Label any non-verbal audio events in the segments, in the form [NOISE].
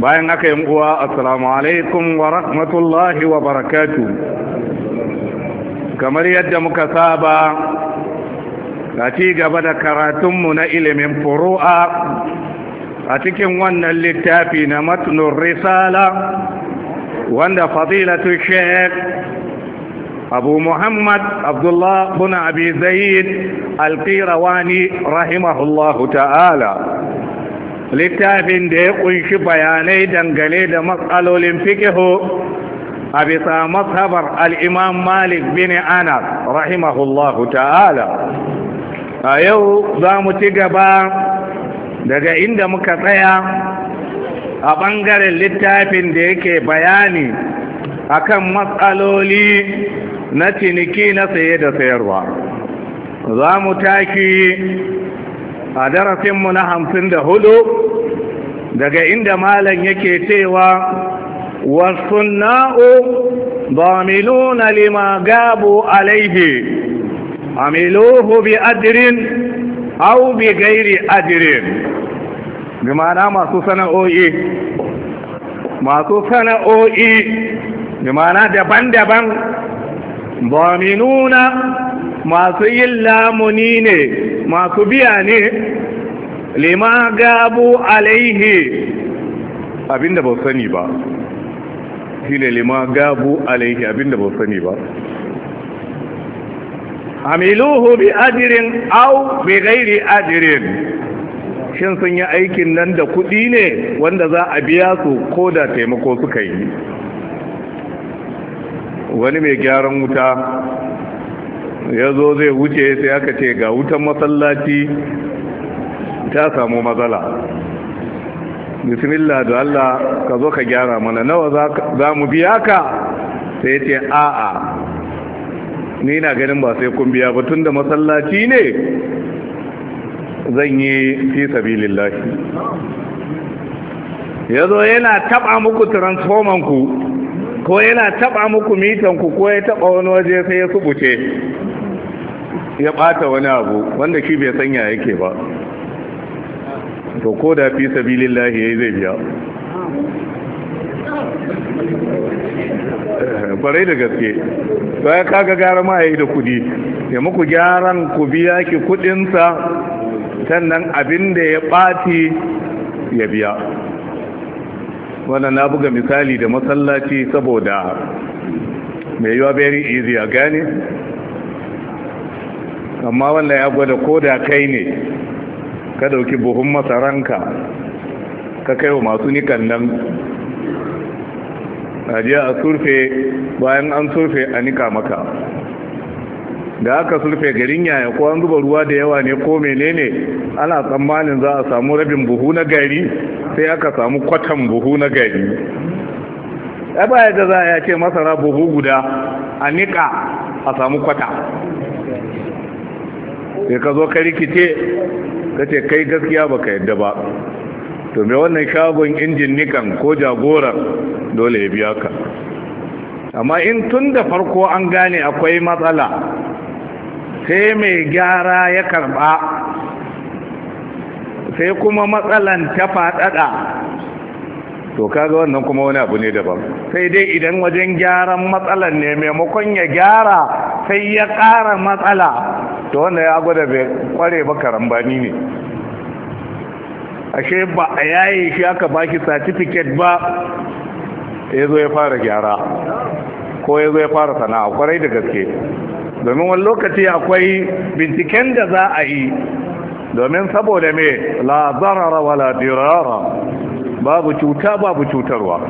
bayan aka yi uwa assalamu alaikum wa rahmatullahi wa barakatu kamar yadda muka saba a ci gaba da karatunmu na ilimin furu'a a cikin wannan littafi na matnun risala wanda fadilatu sheik abu muhammad abdullah bin abi zaid alqirawani rahimahullahu ta'ala littafin da ya kunshi bayanai dangane da matsalolin fikihu a bisa matsabar al'imam malik bin anas rahimahullahu ta'ala a yau za mu ci gaba daga inda muka tsaya a ɓangaren littafin da yake bayani a kan matsaloli na ciniki na saye da sayarwa za mu taki a darasinmu na hamsin da hudu daga inda malam yake cewa wasu ba wasunna'u nuna lima gabu a amiluhu bi adirin au bi gairi adirin masu sana'o'i masu sana'o'i bi ma'ana daban-daban daminuna masu yin lamuni ne masu biya ne lima gabu alaihe abinda ba sani ba shi ne lima gabu alaihe abinda ba sani ba amiluhu bi ajirin au bi gairi ajirin shin sun yi aikin nan da kuɗi ne wanda za a biya su ko da taimako suka yi wani mai gyaran wuta ya zo zai wuce sai aka ce ga wutan masallaci ta samu matsala bismillah da Allah ka zo ka gyara mana nawa za mu biya ka sai ce a'a ni na ganin ba sai kun biya ba tun da masallaci ne zan yi fi sabilillahi ya zo yana taba muku transformanku ko yana taba muku mitanku ko ya taba wani waje sai ya subuce ya bata wani abu wanda shi bai sanya yake ba to ko da fi ya yayi zai biya barai eh, da gaske to ya kaga gara ma yayi da kudi ya muku gyaran ku biya ki kudin sa sannan abin da ya bati ya biya wannan na buga misali da masallaci saboda mai yiwa very easy a gane amma wanda ya gwada ko da kai ne ka dauki buhun masaranka ka kai wa masu nikan nan ajiya a surfe bayan an surfe a nika maka da aka surfe garin yaya ko an zuba ruwa da yawa ne ko menene ana tsammanin za a samu rabin buhu na gari sai aka samu kwatan buhu na gari ya baya da za a ce masara buhu guda a nika a samu kwata sai ka zo ka rikice ka ce kai gaskiya ba ka yadda ba to me wannan shagon injin nikan ko jagoran dole ya biya ka amma in tun da farko an gane akwai matsala sai mai gyara ya karba sai kuma matsalan ta faɗaɗa to kaga wannan kuma wani abu ne daban sai dai idan wajen gyaran matsalan ne maimakon ya gyara sai ya ƙara matsala to wanda ya gwada bai kware ba karambani ne ashe ba a yayi shi aka baki satifiket ba ya zo ya fara gyara ko ya zo ya fara sana'a kwarai da gaske domin wani lokaci akwai binciken da za a yi domin saboda mai la wa wala babu cuta babu cutarwa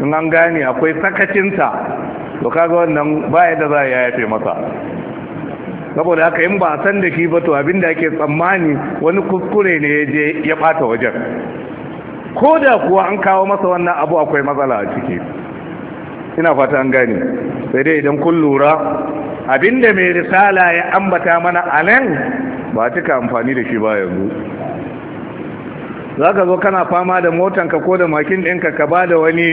in an gane akwai sakacinta to kaga wannan baya da za a yafe masa saboda haka in ba san da shi ba to abin da ake tsammani wani kuskure ne ya je ya bata wajen ko da kuwa an kawo masa wannan abu akwai matsala a ciki ina fata an gane sai dai idan kun lura abinda mai risala ya ambata mana a nan ba cika amfani da shi ba yanzu za ka zo kana fama da motanka ko da makin ɗinka ka ba da wani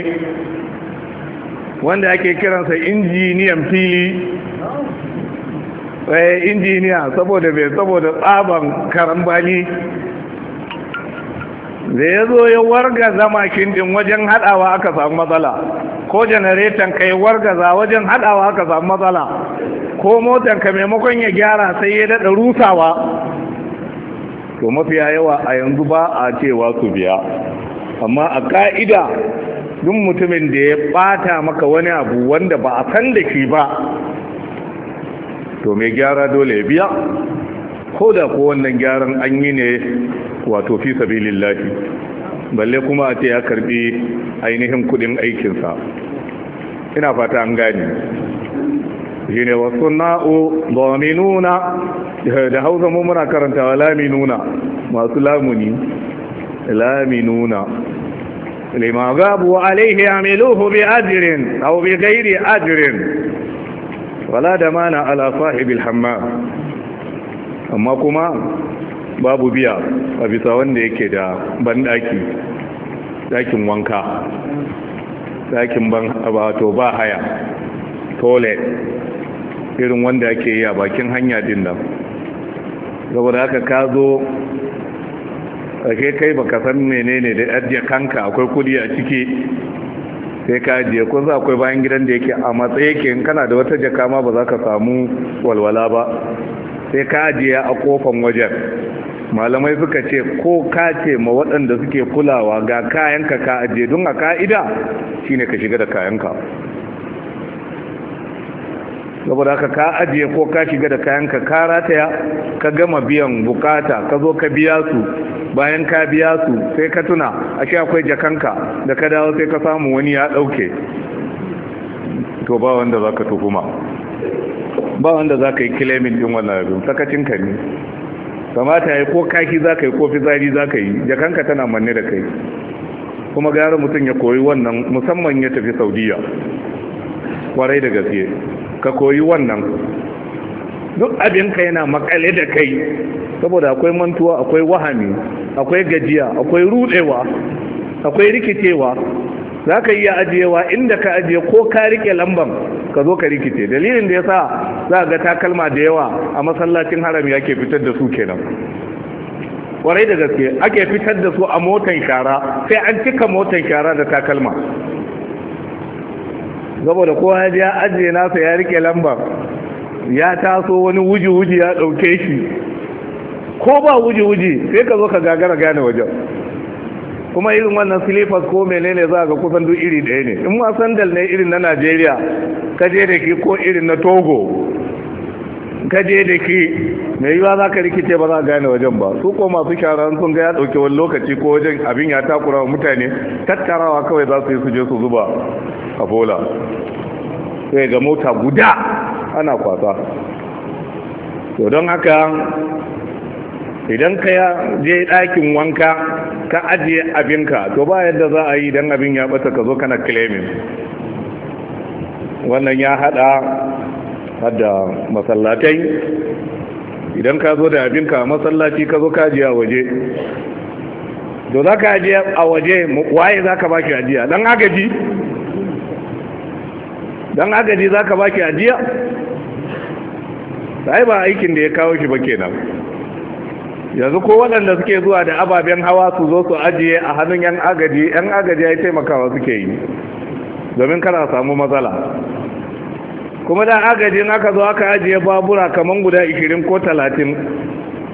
wanda ake kiransa injiniyan fili Eh, injiniya saboda bai saboda tsaban karambani da ya zo ya warga zama kindin wajen hadawa aka samu matsala ko janareton ka ya wargaza wajen hadawa aka samu matsala ko motar ka maimakon ya gyara sai ya daɗa rusawa to mafiya yawa a yanzu ba a cewa su biya amma a ka'ida duk mutumin da ya bata maka wani abu wanda ba a san da shi ba to mai gyara dole ya biya ko da ko wannan gyaran an yi ne wato fi sabilillahi balle kuma a ce ya karbi ainihin kudin aikinsa ina fata an gani shi ne wasu na'o nuna da hausa mu muna karantawa Lami nuna. masu lamuni laminuna lima gabu alaihi amiluhu bi ajirin au bi gairi ajirin wala da mana ala sahibil hamma amma kuma babu biya a bisa wanda yake da banɗaki, dakin wanka dakin ban abato ba haya toilet irin wanda ake yi a bakin hanya din nan saboda haka ka zo ake kai baka san menene da ajiye kanka akwai kudi a ciki sai ka ajiye kun za akwai bayan gidan da yake a matsayi yake in kana da wata jaka ma ba za ka samu walwala ba sai ka ajiye a kofan wajen malamai suka ce ko ka ce ma waɗanda suke kulawa ga kayanka ka ajiye don a ka'ida shine ka shiga da kayanka saboda haka ka ajiye ko ka shiga da kayanka ka rataya ka gama biyan bukata ka zo ka biya su bayan ka biya su sai ka tuna ashe akwai jakanka da ka dawo sai ka samu wani ya dauke to ba wanda za ka tuhuma ba wanda za ka yi claiming din wannan abin sakacin ka ne kamata yi ko kaki ka yi ko fitsari ka yi jakanka tana manne da kai kuma gara mutum ya koyi wannan musamman ya tafi saudiya kwarai da gaske ka koyi wannan duk abinka yana makale da kai saboda akwai mantuwa akwai wahami akwai gajiya akwai rudewa akwai rikicewa za ka iya ajiyewa inda ka ajiye ko ka rike lamban ka zo ka rikice dalilin da ya sa za ga takalma da yawa a masallacin haram ya ke fitar da su kenan warai da gaske ake fitar da su a motan shara sai an cika motan shara da takalma saboda kowa ya je ya ajiye nasa ya rike lamba ya taso wani wuji-wuji ya ɗauke shi ko ba wuji-wuji sai ka zo ka gagara gane wajen kuma irin wannan silifas ko menene za ga kusan duk iri ɗaya ne in ma sandal ne irin na najeriya ka je da ke ko irin na togo ka je da ke me yiwa za ka rikice ba za ka gane wajen ba su ko masu shara sun ga ya ɗauki wani lokaci ko wajen abin ya takura wa mutane tattarawa kawai za su yi su je su zuba a bola sai ga mota guda ana kwasa to don haka idan ka je ɗakin wanka ka ajiye abinka to ba yadda za a yi idan abin ya ɓata ka zo kana claiming wannan ya haɗa hada masallatai idan ka zo da abinka a masallaci ka zo ka ajiya waje Do za ka ajiya a waje waye za ka baki ajiya dan agaji dan agaji za ka baki ajiya sai ba aikin da ya kawo shi ba kenan yanzu ko waɗanda suke zuwa da ababen hawa su zo su ajiye a hannun yan agaji yan agaji ya taimakawa suke yi domin kana samu matsala kuma dan agajin aka zo aka ajiye babura kaman guda 20 ko 30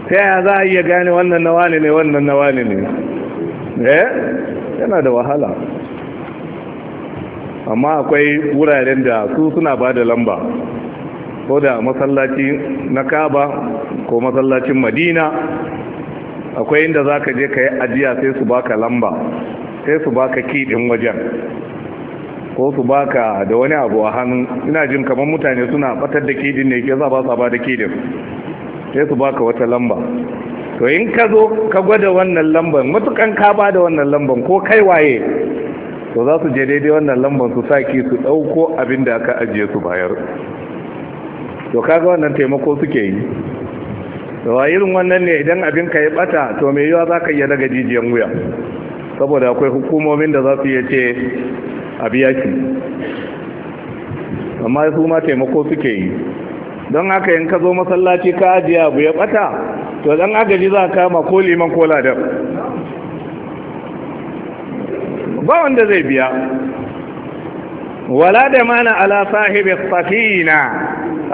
ta yaya za a iya gane wannan na wani ne wannan na wani ne eh yana da wahala amma akwai wuraren da su suna ba da lamba ko da masallaci na kaba ko masallacin madina akwai inda za ka je ka yi ajiya sai su baka lamba sai su baka kiɗin wajen ko su baka da wani abu a hannu ina jin kamar mutane suna batar da kidin ne ke za ba su ba da kidin sai su baka wata lamba to in ka zo ka gwada wannan lamban matukan ka ba da wannan lamban ko kai waye to za su je daidai wannan lamban su saki su ɗauko abin da aka ajiye su bayar to kaga wannan taimako suke yi da wa irin wannan ne idan abin ka yi bata to mai yiwa za ka iya daga jijiyan wuya saboda akwai hukumomin da za su iya ce a biya ki amma su ma taimako suke yi don haka yin ka zo masallaci ka ajiye abu ya bata to dan agaji za ka ma ko liman ko ladar ba wanda zai biya wala da mana ala sahibi safina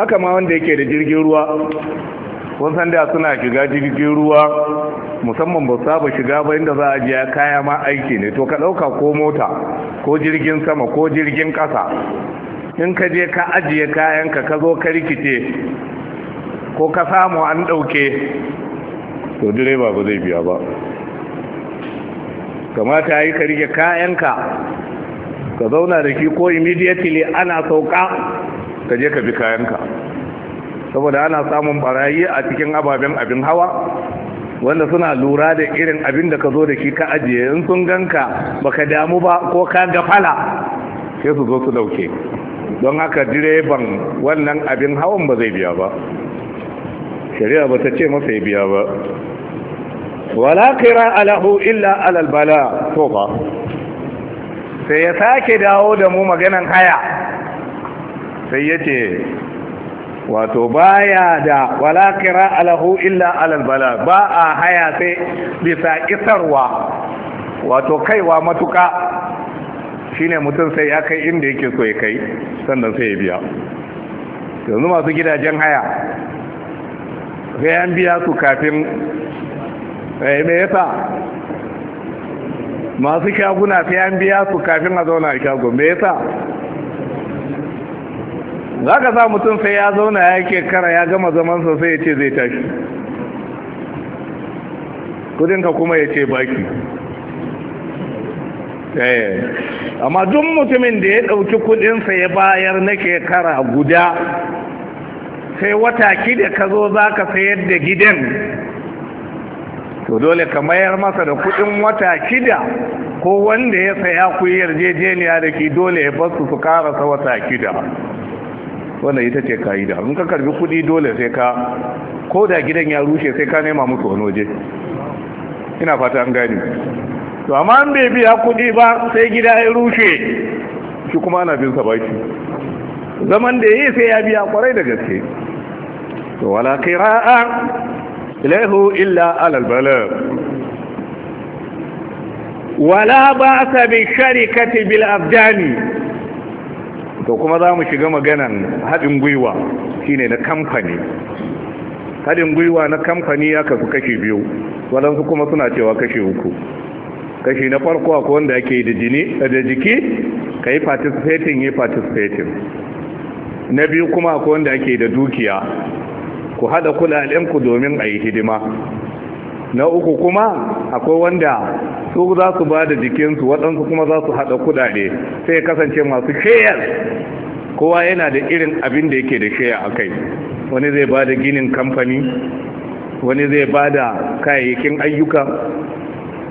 haka ma wanda yake da jirgin ruwa kun san da suna shiga jirgin ruwa musamman ba saba shiga ba inda za a je kaya ma aiki ne to ka ɗauka ko mota ko jirgin sama ko jirgin ƙasa in ka je ka ajiye kayanka ka zo ka rikice ko ka samu an ɗauke to direba ba zai biya ba kamata yi ka rike kayanka ka zauna da shi ko immediately ana sauka ka je ka bi kayanka saboda ana samun barayi a cikin ababen abin hawa wanda suna lura da irin abin da ka zo da shi ka ajiye in sun ganka baka damu ba ko ka gafala sai su zo su dauke don haka direban wannan abin hawan ba zai biya ba shari'a ba ta ce masa ya biya ba wala kira alahu illa alal bala to ba sai ya sake dawo da mu maganan haya sai ya wato baya da wala kira alahu illa alal bala ba a haya sai bisa isarwa wato kaiwa matuka shine mutum sai ya kai inda yake so ya kai sannan sai ya biya yanzu masu gidajen haya sai an biya su kafin eh, me yasa masu shaguna sai an biya su kafin a zauna a shago me yasa za ka sa mutum sai ya zauna ya ke kara ya gama zamansa sai ya ce zai tashi kudinka kuma ya ce baki eh, amma duk mutumin da ya ɗauki kudinsa ya bayar na kara guda sai wata kida ka zo za ka sayar da gidan to dole ka mayar masa da kudin wata kida ko wanda ya saya ku yarjejeniya da ki dole ya basu su karasa wata kida wannan ita ce ka'ida in ka karbi kudi dole sai ka ko da gidan ya rushe sai ka nema musu wani waje ina fata an gani to amma an bai biya kudi ba sai gida ya rushe shi kuma ana bin sa baki zaman da yayi sai ya biya kwarai da gaske to wala qira'a lahu illa alal bala wala ba'sa bi sharikati bil abdani to kuma za mu shiga maganan haɗin gwiwa shine na kamfani haɗin gwiwa na kamfani ya kasu kashi biyu waɗansu kuma suna cewa kashi uku kashi na farko a wanda ake yi da jiki ka yi participating yi participating na biyu kuma akwai wanda ake da dukiya ku haɗa kuɗaɗenku domin a yi hidima na uku kuma akwai wanda su za su ba da jikinsu waɗansu kuma za su haɗa kuɗaɗe sai kasance masu shayar kowa yana da irin abin da yake da shaya a kai wani zai ba da ginin kamfani wani zai ba da kayayyakin ayyuka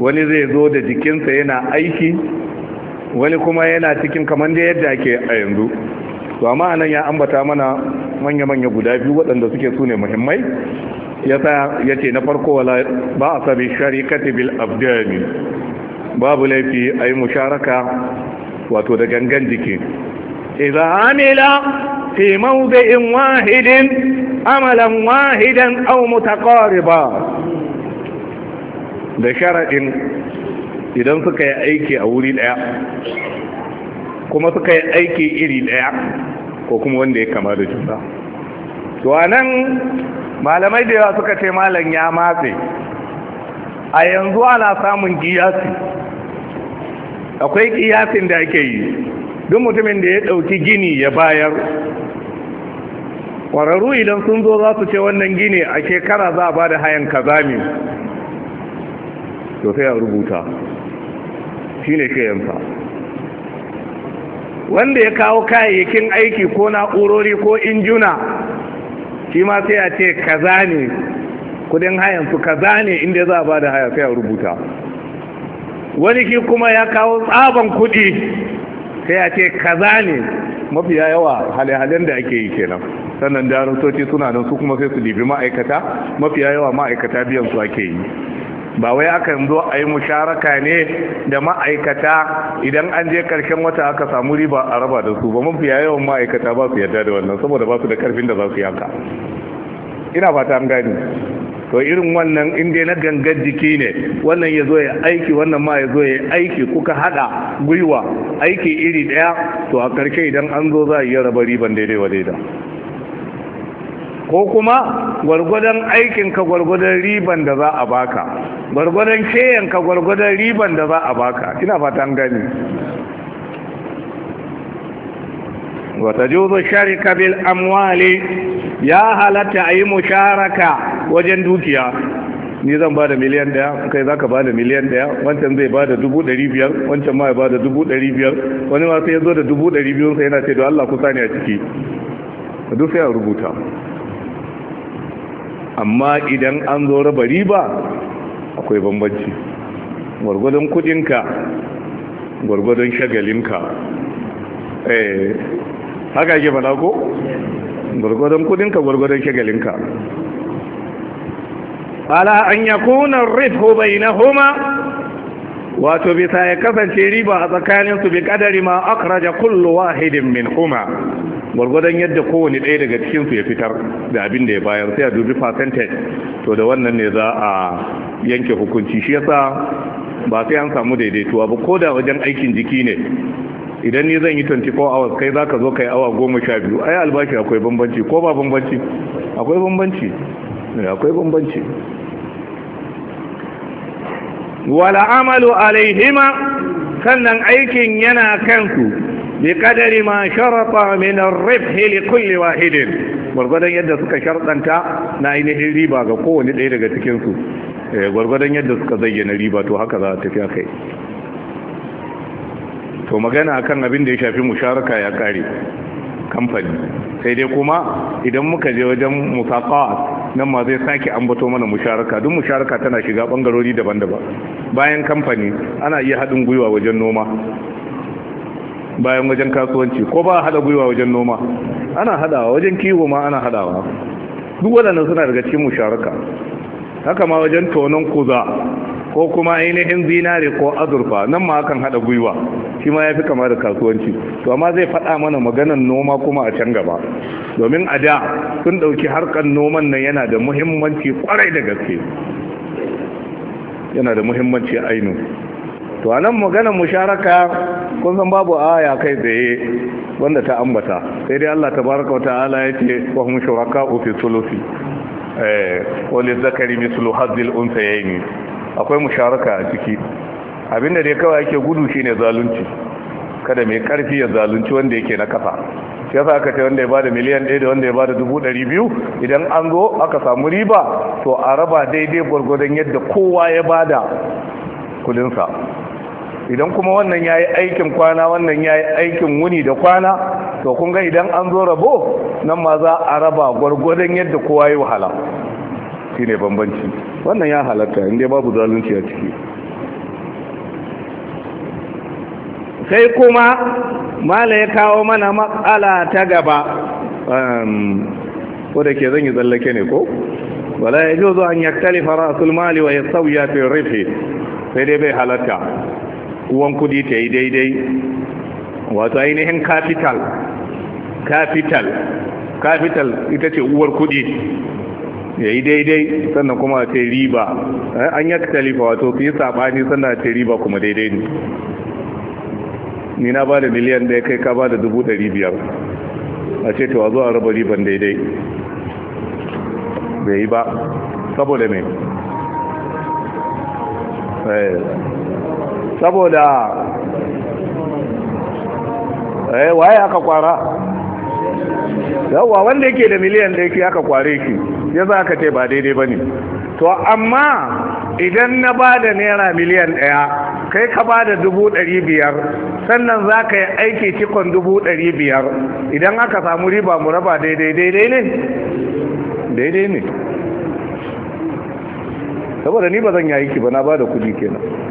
wani zai zo da jikinsa yana aiki wani kuma yana cikin kamar da yadda ake a yanzu to amma anan ya ambata mana manya-manya guda biyu waɗanda suke su ne muhimmai ya tsaya ya ce na farko wala ba a sabi sharikati bil abdani babu laifi a yi musharaka wato da gangan jiki iza amila fi mawdi'in wahidin amalan wahidan aw mutaqariba da sharadin idan suka yi aiki a wuri daya kuma suka yi aiki iri daya ko kuma wanda ya kama da juna to anan malamai da yawa suka ce malam ya matse a yanzu ana samun kiyasi akwai kiyasin da ake yi duk mutumin da ya ɗauki gini ya bayar ƙwararru idan sun zo za su ce wannan gini a shekara za a ba da hayan kazami to sai a rubuta shi ne shayansa wanda ya kawo kayayyakin aiki ko na'urori ko injuna shi ma sai a ce kaza ne kudin hayansu su kaza ne inda za a ba da haya sai a rubuta wani ki kuma ya kawo tsaban kudi sai a ce kaza ne mafiya yawa hale-halen da ake yi kenan sannan darusoci suna nan su kuma sai su libi ma'aikata mafiya yawa ma'aikata biyan su ake yi ba wai aka zo a yi musharaka ne da ma'aikata idan an je karshen wata aka samu riba a raba da su ba mafiya yawan ma'aikata ba su yarda da wannan saboda ba su da karfin da za su yanka ina fata an gani to irin wannan in dai na gangan jiki ne wannan ya zo ya aiki wannan ma ya zo ya aiki kuka hada gwiwa aiki iri daya to a karshe idan an zo za a yi raba riban daidai wa daidai ko kuma gwargwadon aikinka gwargwadon riban da za a baka gwargwadon keyanka gwargwadon riban da za a baka ina fatan gani wata juzo sharika bil amwali ya halatta a yi musharaka wajen dukiya ni zan ba da miliyan daya kai za ka ba da miliyan daya wancan zai ba da dubu ɗari biyar wancan ma ya ba da dubu ɗari biyar wani ma sai ya zo da dubu ɗari biyunsa yana ce da Allah kusa ne a ciki duk sai a rubuta amma idan an zo raba riba akwai bambanci gwargwadon kudinka gwargwadon shagalinka eh haka ke fada ko gwargwadon kudinka gwargwadon shagalinka ala an yakuna rifu bainahuma wato bisa ya kasance riba a tsakaninsu bi kadari ma akraja kullu wahidin min huma gwargwadon yadda kowane ɗaya daga cikinsu ya fitar da abin da ya bayar sai a dubi percentage to da wannan ne za a yanke hukunci shi yasa ba sai an samu daidaituwa ba ko da wajen aikin jiki ne idan ni zan yi 24 hours kai za ka zo kai awa goma sha biyu ai albashi akwai bambanci ko ba bambanci akwai bambanci eh, akwai bambanci wala amalu alaihima sannan aikin yana kansu بقدر ما شرط من الربح لكل واحد gwargwadon yadda suka sharɗanta na ainihin riba ga kowane ɗaya daga cikinsu gwargwadon yadda suka zayyana riba to haka za a tafi a kai to magana akan abin da ya shafi musharaka ya kare kamfani sai dai kuma idan muka je wajen musaqat nan ma zai sake ambato mana musharaka duk musharaka tana shiga bangarori daban-daban bayan kamfani ana iya haɗin gwiwa wajen noma bayan wajen kasuwanci ko ba hada gwiwa wajen noma ana haɗawa. wajen kiwo ma ana haɗawa. duk waɗannan suna daga cikin musharaka haka ma wajen tonon kuza ko kuma ainihin zinare ko azurfa nan ma akan haɗa gwiwa shi ma ya fi kama da kasuwanci to amma zai faɗa mana maganan noma kuma a can gaba domin a da sun ɗauki harkar noman nan yana da muhimmanci kwarai da gaske yana da muhimmanci ainihin to anan magana musharaka kun san babu aya kai tsaye wanda ta ambata sai dai Allah tabaraka wataala yace wa hum shuraka'u fi thuluthi eh wal zakari mislu hadhil unthayayn akwai musharaka a ciki abinda dai kawai ake gudu shine zalunci kada mai karfi ya zalunci wanda yake na kafa Ya sa aka ce wanda ya bada miliyan ɗaya da wanda ya bada dubu ɗari biyu idan an zo aka samu riba to a raba daidai gwargwadon yadda kowa ya bada kudinsa idan kuma wannan ya yi aikin kwana wannan ya yi aikin wuni da kwana to kun ga idan an zo rabo nan ma za a raba gwargwadon yadda kowa yi wahala shi ne bambanci wannan ya halatta inda babu zalunci a ciki sai kuma mala ya kawo mana matsala ta gaba ehm, ko da ke zan yi tsallake ne ko wala ya zo an yaktali fara mali wa ya sauya fi rufe sai dai bai halatta uwan kudi ta yi daidai wato ainihin capital capital capital ita ce uwar kudi ya yi daidai sannan kuma ta riba eh, an yi talifa wato su yi saɓani sannan ta riba kuma daidai ne ni na ba da miliyan ɗaya kai ka ba da dubu ɗari biyar a ce to a zo a raba riban daidai bai yi ba saboda mai saboda eh waye aka kwara yawa wanda yake da miliyan da yake aka kware ki ya za ka ce ba daidai ba ne to amma idan na ba da naira miliyan ɗaya kai ka ba da dubu ɗari biyar sannan za ka yi aiki cikon dubu ɗari biyar idan aka samu riba mu raba daidai daidai ne daidai ne saboda ni ba zan yi aiki ba na bada da kuɗi kenan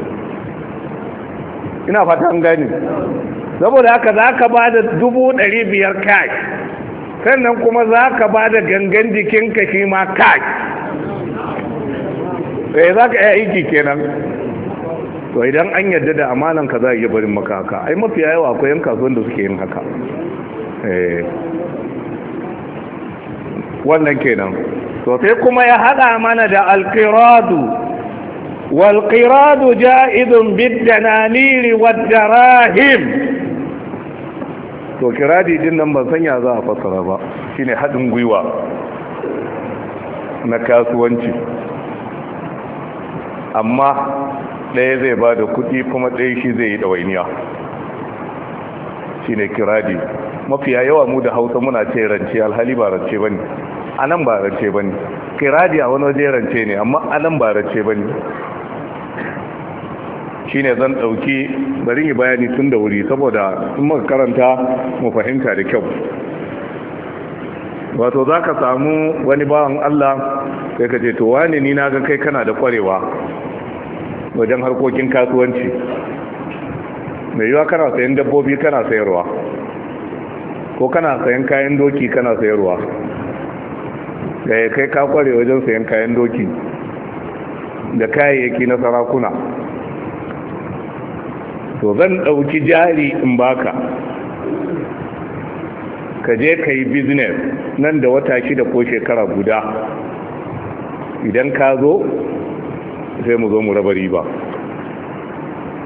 ina fata an gani saboda haka za ka ba da dubu ɗari biyar kai sannan kuma za ka ba da gangan jikinka shi ma kai sai eh, za ka yi aiki kenan to idan an yarda da amalan ka za a iya barin maka haka ai mafi yawa akwai yan kasuwan da suke yin haka eh. wannan kenan to sai kuma ya haɗa mana da alkiradu والقراد جائد بالدنانير والدراهم to kiradi din nan ban sanya za a با ba حدن haɗin gwiwa na kasuwanci amma ɗaya zai ba da kuɗi شي ɗaya shi zai yi ɗawainiya shine kiradi mafiya yawa mu da hausa muna ce rance alhali ba rance ba ne ba rance ba kiradi a wani waje rance ne amma a nan ba rance ba Shi ne zan ɗauki bari yi bayani tun da wuri saboda sun maka karanta mu fahimta da kyau wato za ka samu wani bawan Allah sai ka ce to wani ni na ga kai kana da kwarewa wajen harkokin kasuwanci mai yiwa kana sayan dabbobi kana sayarwa ko kana sayan kayan doki kana sayarwa da ya kai ka kware wajen sayan kayan doki da kayayyaki na sarakuna to zan ɗauki jari in baka ka je ka yi business nan da wata shida ko shekara guda idan ka zo sai mu zo mu raba riba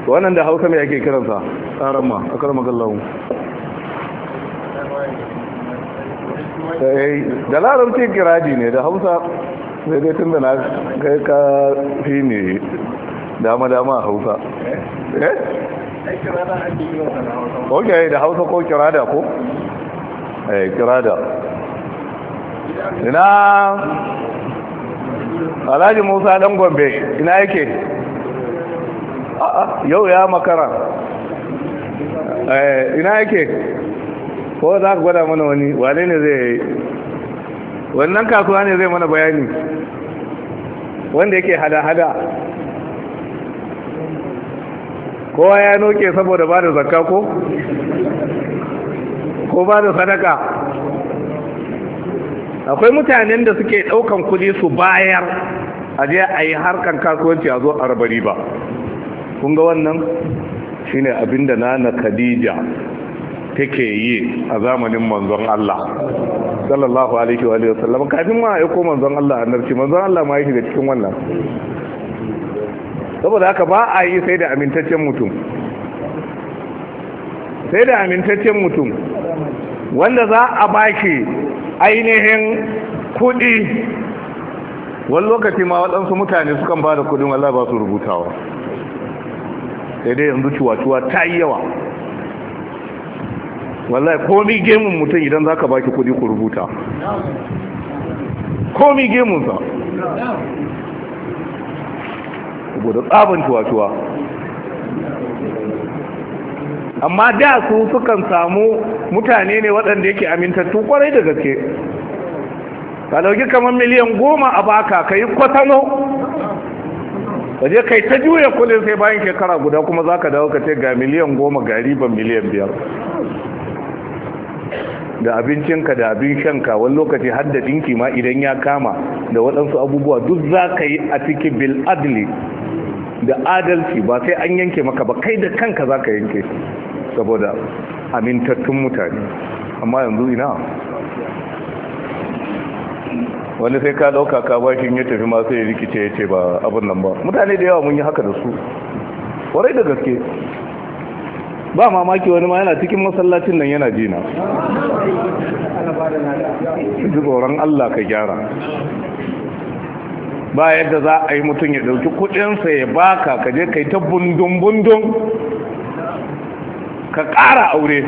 wannan da hausa mai ake kiransa tsaron ma a karama gallon eh, da larabci kiraji ne da hausa sai dai tun da na kai ka fi ne dama-dama a hausa eh ok da hausa ko kirada ko? eh kirada ina alhaji musa dan gombe ina yake a'a yau ya makara eh ina yake ko za ka gwada mana wani wane ne zai yi? wannan kasuwa ne zai mana bayani wanda yake hada-hada kowa ya noke saboda ba da zakka ko ko ba da sadaka akwai mutanen da suke daukan kuɗi su bayar a je a yi harkan kasuwanci a zo a raba ba. kun ga wannan shine abinda nana khadija take yi a zamanin manzon Allah sallallahu alaihi wa sallam kafin ma ko manzon Allah annabci manzon Allah ma yake da cikin wannan saboda haka ba a yi sai da amintaccen mutum sai da amintaccen mutum wanda za a baki ainihin kudi wani lokaci ma waɗansu mutane sukan ba da kudin Allah ba su rubutawa sai dai yanzu cuwa-cuwa ta yi yawa wallahi komi gemun mutum idan za ka baki kudi ku rubuta komi gemunsa saboda tsabin tuwa-tuwa amma da su sukan samu mutane ne waɗanda yake amintattu kwarai da gaske ka dauki kamar miliyan goma a baka ka yi kwatano ka je kai ta juya kudin sai bayan shekara guda kuma za ka dawo ka ce ga miliyan goma ga riban miliyan biyar da abincinka da abin shanka wani lokaci har da ɗinki ma idan ya kama da waɗansu abubuwa duk za ka yi a cikin bil adli da adalci ba sai an yanke maka ba kai da kanka za ka yanke saboda amintattun mutane amma yanzu ina wani sai ka dauka ka bashin ya tafi masu sai rikice ya ce ba abin nan ba mutane da yawa mun yi haka da su warai da gaske ba mamaki wani ma yana cikin masallacin nan yana jina ji Allah ka gyara ba yadda za a yi mutum ya ɗauki kuɗinsa ya baka ka je kai ta bundun-bundun ka ƙara aure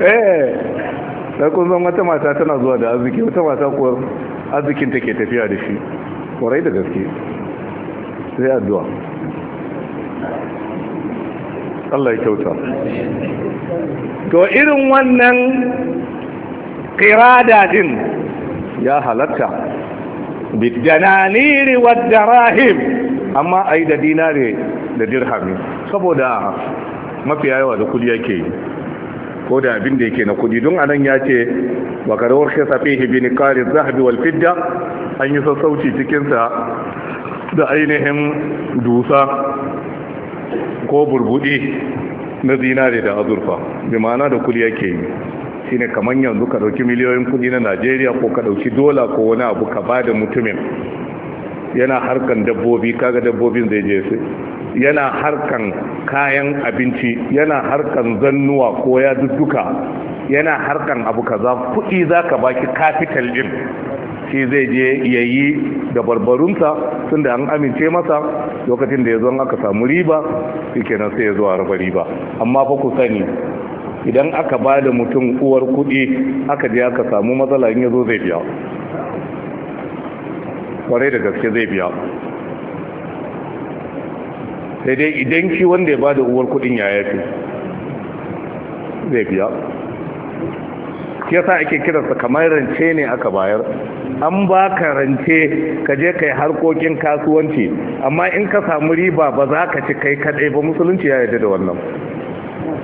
eh da kun wata mata tana zuwa da arziki wata mata kuwa arzikin take tafiya da shi kwarai da gaske sai addu'a Allah ya kyauta to irin wannan ƙirada din ya halatta bidananiri wadarahim amma yi da dinare da dirhami saboda mafiya yawa da kudi yake yi ko da abin da yake na kudi don anan ya ce wa karawar hibi ni niqari zahabi wal fidda an yi sassauci cikinsa da ainihin dusa ko burbuɗe na zinare da azurfa bi ma'ana da kuli yake yi shine kamar yanzu ka ɗauki miliyoyin kuɗi na Najeriya ko ka ɗauki dola ko wani abu ka ba da mutumin yana harkan dabbobi kaga dabbobin zai je su yana harkan kayan abinci yana harkan zannuwa ko ya dudduka yana harkan abu kaza kudi ka baki capital din shi zai je ya yi da barbarunsa tun da an amince masa lokacin da ya zo aka samu riba shi kenan sai ya zo a raba riba amma fa ku sani idan aka ba da mutum uwar kuɗi aka je aka samu matsala in ya zo zai biya kwarai da gaske zai biya sai dai idan shi wanda ya ba da uwar kuɗin ya yafi zai biya ya sa ake kiransa kamar rance ne aka bayar an ba ka rance ka je kai harkokin kasuwanci amma in ka samu riba ba za ka ci kai kadai ba musulunci ya yarda da wannan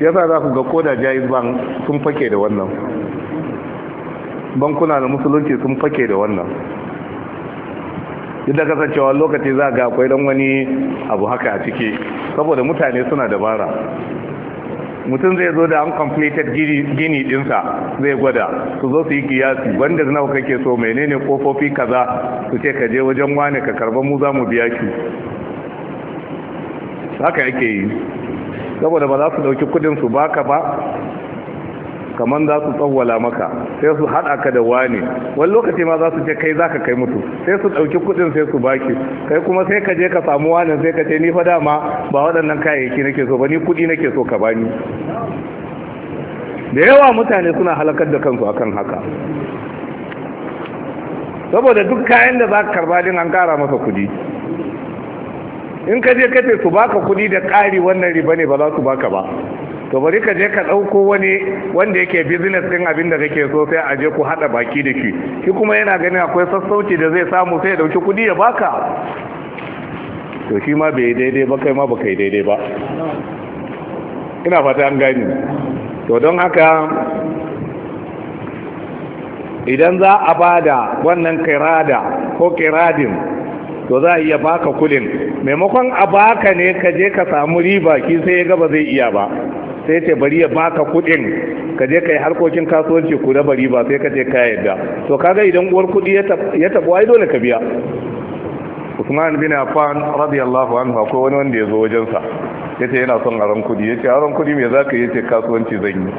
yasa za ku ga koda jaiz ban sun fake da wannan bankuna da musulunci sun fake da wannan duk da cewa lokaci za ga akwai dan wani abu haka a ciki saboda mutane suna dabara mutum zai zo da an completed gini dinsa zai gwada su zo su yi kiyasi wanda nawa ke so menene kofofi kaza su ce ka je wajen wane ka karba mu za mu biya ki haka yake yi saboda ba za su dauki kudin su baka ba kamar za su tsawwala maka sai su haɗa ka da wani wani lokaci ma za su ce kai za ka kai mutu sai su ɗauki kuɗin sai su baki kai kuma sai ka je ka samu wani sai ka ce ni fa dama ba waɗannan kayayyaki nake so ba ni kuɗi nake so ka bani da yawa mutane suna halakar da kansu akan haka saboda duk kayan da za ka karba din an kara masa kuɗi in ka je ka ce su baka kuɗi da ƙari wannan riba ne ba za su baka ba to bari ka je ka ɗauko wani wanda yake business din abinda kake so sai a je ku haɗa baki da shi shi kuma yana ganin akwai sassauci da zai samu sai ya ɗauki kuɗi ya baka to shi ma bai daidai ba kai ma ba kai daidai ba ina fata an gani to don haka idan za a bada wannan kirada ko kiradin to za a iya baka kulin maimakon a baka ne ka je ka samu riba ki sai ya gaba zai iya ba sai ce bari ya baka kuɗin ka je ka yi harkokin kasuwanci ku da bari ba sai ka je ka yadda to kaga idan uwar kuɗi ya tafi ai dole ka biya Usman bin Affan radiyallahu anhu akwai wani wanda ya zo wajensa yace yana son aron kuɗi yace aron kuɗi me zaka yi yace kasuwanci zan yi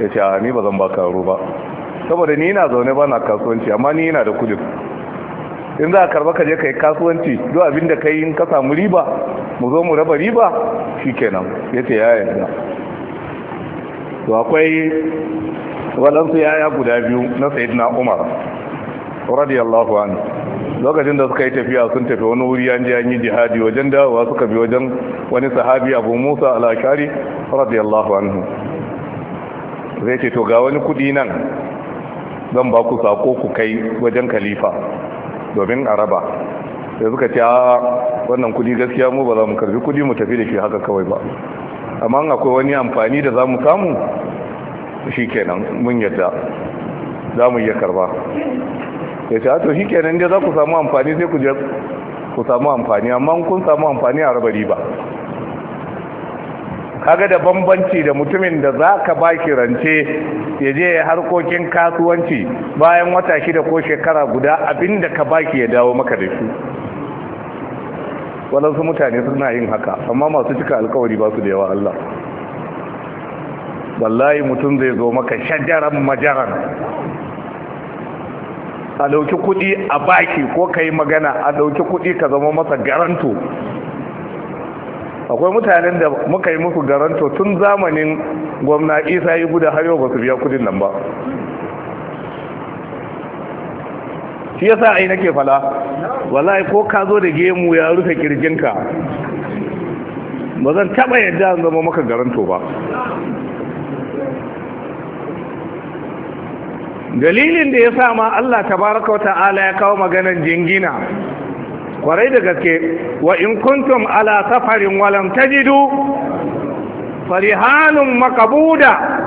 yace a ni ba zan baka aro ba saboda ni ina zaune ba na kasuwanci amma ni ina da kudi in za a karba ka je ka yi kasuwanci duk abin da ka yi in ka samu riba mu zo mu raba riba shikenan yace ya yarda to akwai waɗansu yaya guda biyu na sayidina umar radiyallahu anhu, lokacin da suka yi tafiya sun tafi wani wuri an ji an yi jihadi wajen dawowa suka bi wajen wani sahabi abu musa al-ashari radiyallahu anhu zai ce to ga wani kudi nan zan ba ku sako ku kai wajen khalifa domin araba sai suka ce a wannan kudi gaskiya mu ba za mu karbi kudi mu tafi da shi haka kawai ba amma akwai wani amfani da za mu samu shi kenan mun yadda za mu iya karba ya ce to shi kenan da za ku samu amfani sai ku je ku samu amfani amma kun samu amfani a rabari ba kaga da bambanci da mutumin da za ka ba ki rance ya je harkokin kasuwanci bayan wata shida ko shekara guda abinda ka baki ya dawo maka da shi waɗansu mutane suna yin haka amma masu cika alkawari ba su da yawa Allah wallahi mutum zai zo maka shajaran majaran a ɗauki kuɗi a baki ko ka yi magana a ɗauki kuɗi ka zama masa garanto akwai mutanen da muka yi musu garanto tun zamanin gwamna isa yi guda har yau ba su biya kuɗin nan ba shi yasa ai nake fala wallahi ko ka zo da gemu ya rufe kirjinka ba zan taba yadda an zama maka garanto ba dalilin da ya sa ma Allah tabaraka wata'ala ya kawo maganar jingina kwarai da gaske wa in kuntum ala safarin walam tajidu farihanun makabuda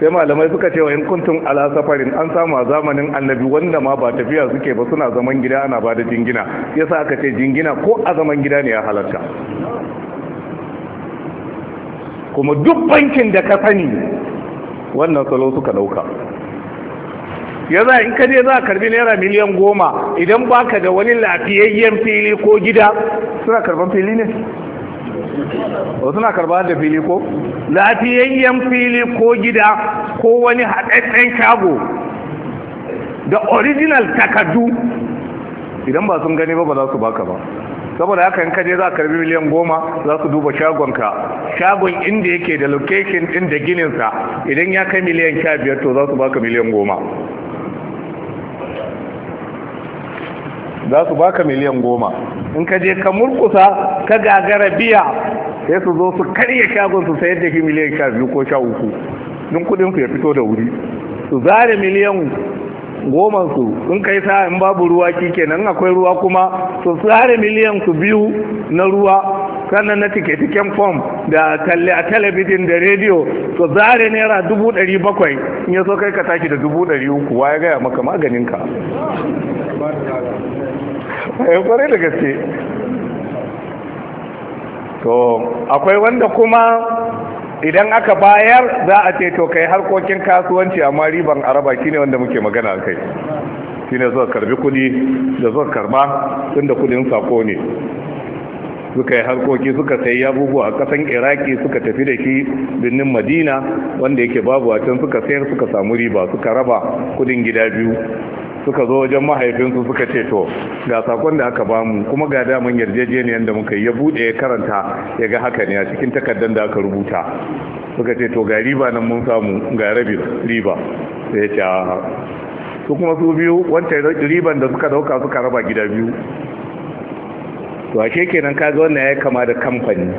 sai malamai suka cewa in kuntum ala safarin an samu a zamanin annabi wanda ma ba tafiya suke ba suna zaman gida ana ba da jingina yasa aka ce jingina ko a zaman gida ne ya halarta kuma duk bankin da ka sani wannan salo suka dauka ya za in ka je za a karbi naira miliyan goma idan baka da wani lafiyayyen fili ko gida suna karban fili ne wasu na karba da fili ko lafiyayyen fili ko gida ko wani haɗaɗɗen shago da original takardu idan ba sun gani ba ba za su baka ba saboda haka in kaje za ka karbi miliyan goma za su duba shagonka shagon inda yake da location din da gininsa idan ya kai miliyan sha biyar to za su baka miliyan goma za su baka miliyan goma in ka je ka murkusa ka gagara biya sai su zo su karya shagon su sayar da shi miliyan sha biyu ko sha uku don kudin su ya fito da wuri su zare miliyan goma su in kai sa in babu ruwa kenan akwai ruwa kuma su zare miliyan su biyu na ruwa sannan na tiketiken fom da talle a talabijin da rediyo su zare naira dubu ɗari bakwai in ya so kai ka tashi da dubu ɗari uku wa ya gaya maka maganinka ya eh, kwarai da gaske to akwai wanda kuma idan aka bayar za a ce to kai harkokin kasuwanci amma riban araba shine wanda muke magana kai shine zuwa karbi kudi da zuwa karba tunda kudin sako ne suka yi harkoki suka sayi abubuwa a kasan iraki suka tafi da shi birnin madina wanda yake babu a can suka sayar suka samu riba suka raba kudin gida biyu suka zo wajen mahaifinsu suka ce to ga sakon da aka bamu kuma ga daman yarjejeniyar da muka yi ya bude ya karanta ya ga haka ne a cikin takardar da aka rubuta suka ce to ga riba nan mun samu ga rabi riba sai ya ce su kuma su biyu wancan riban da suka dauka suka raba gida biyu to ashe kenan kaga wannan ya kama da kamfani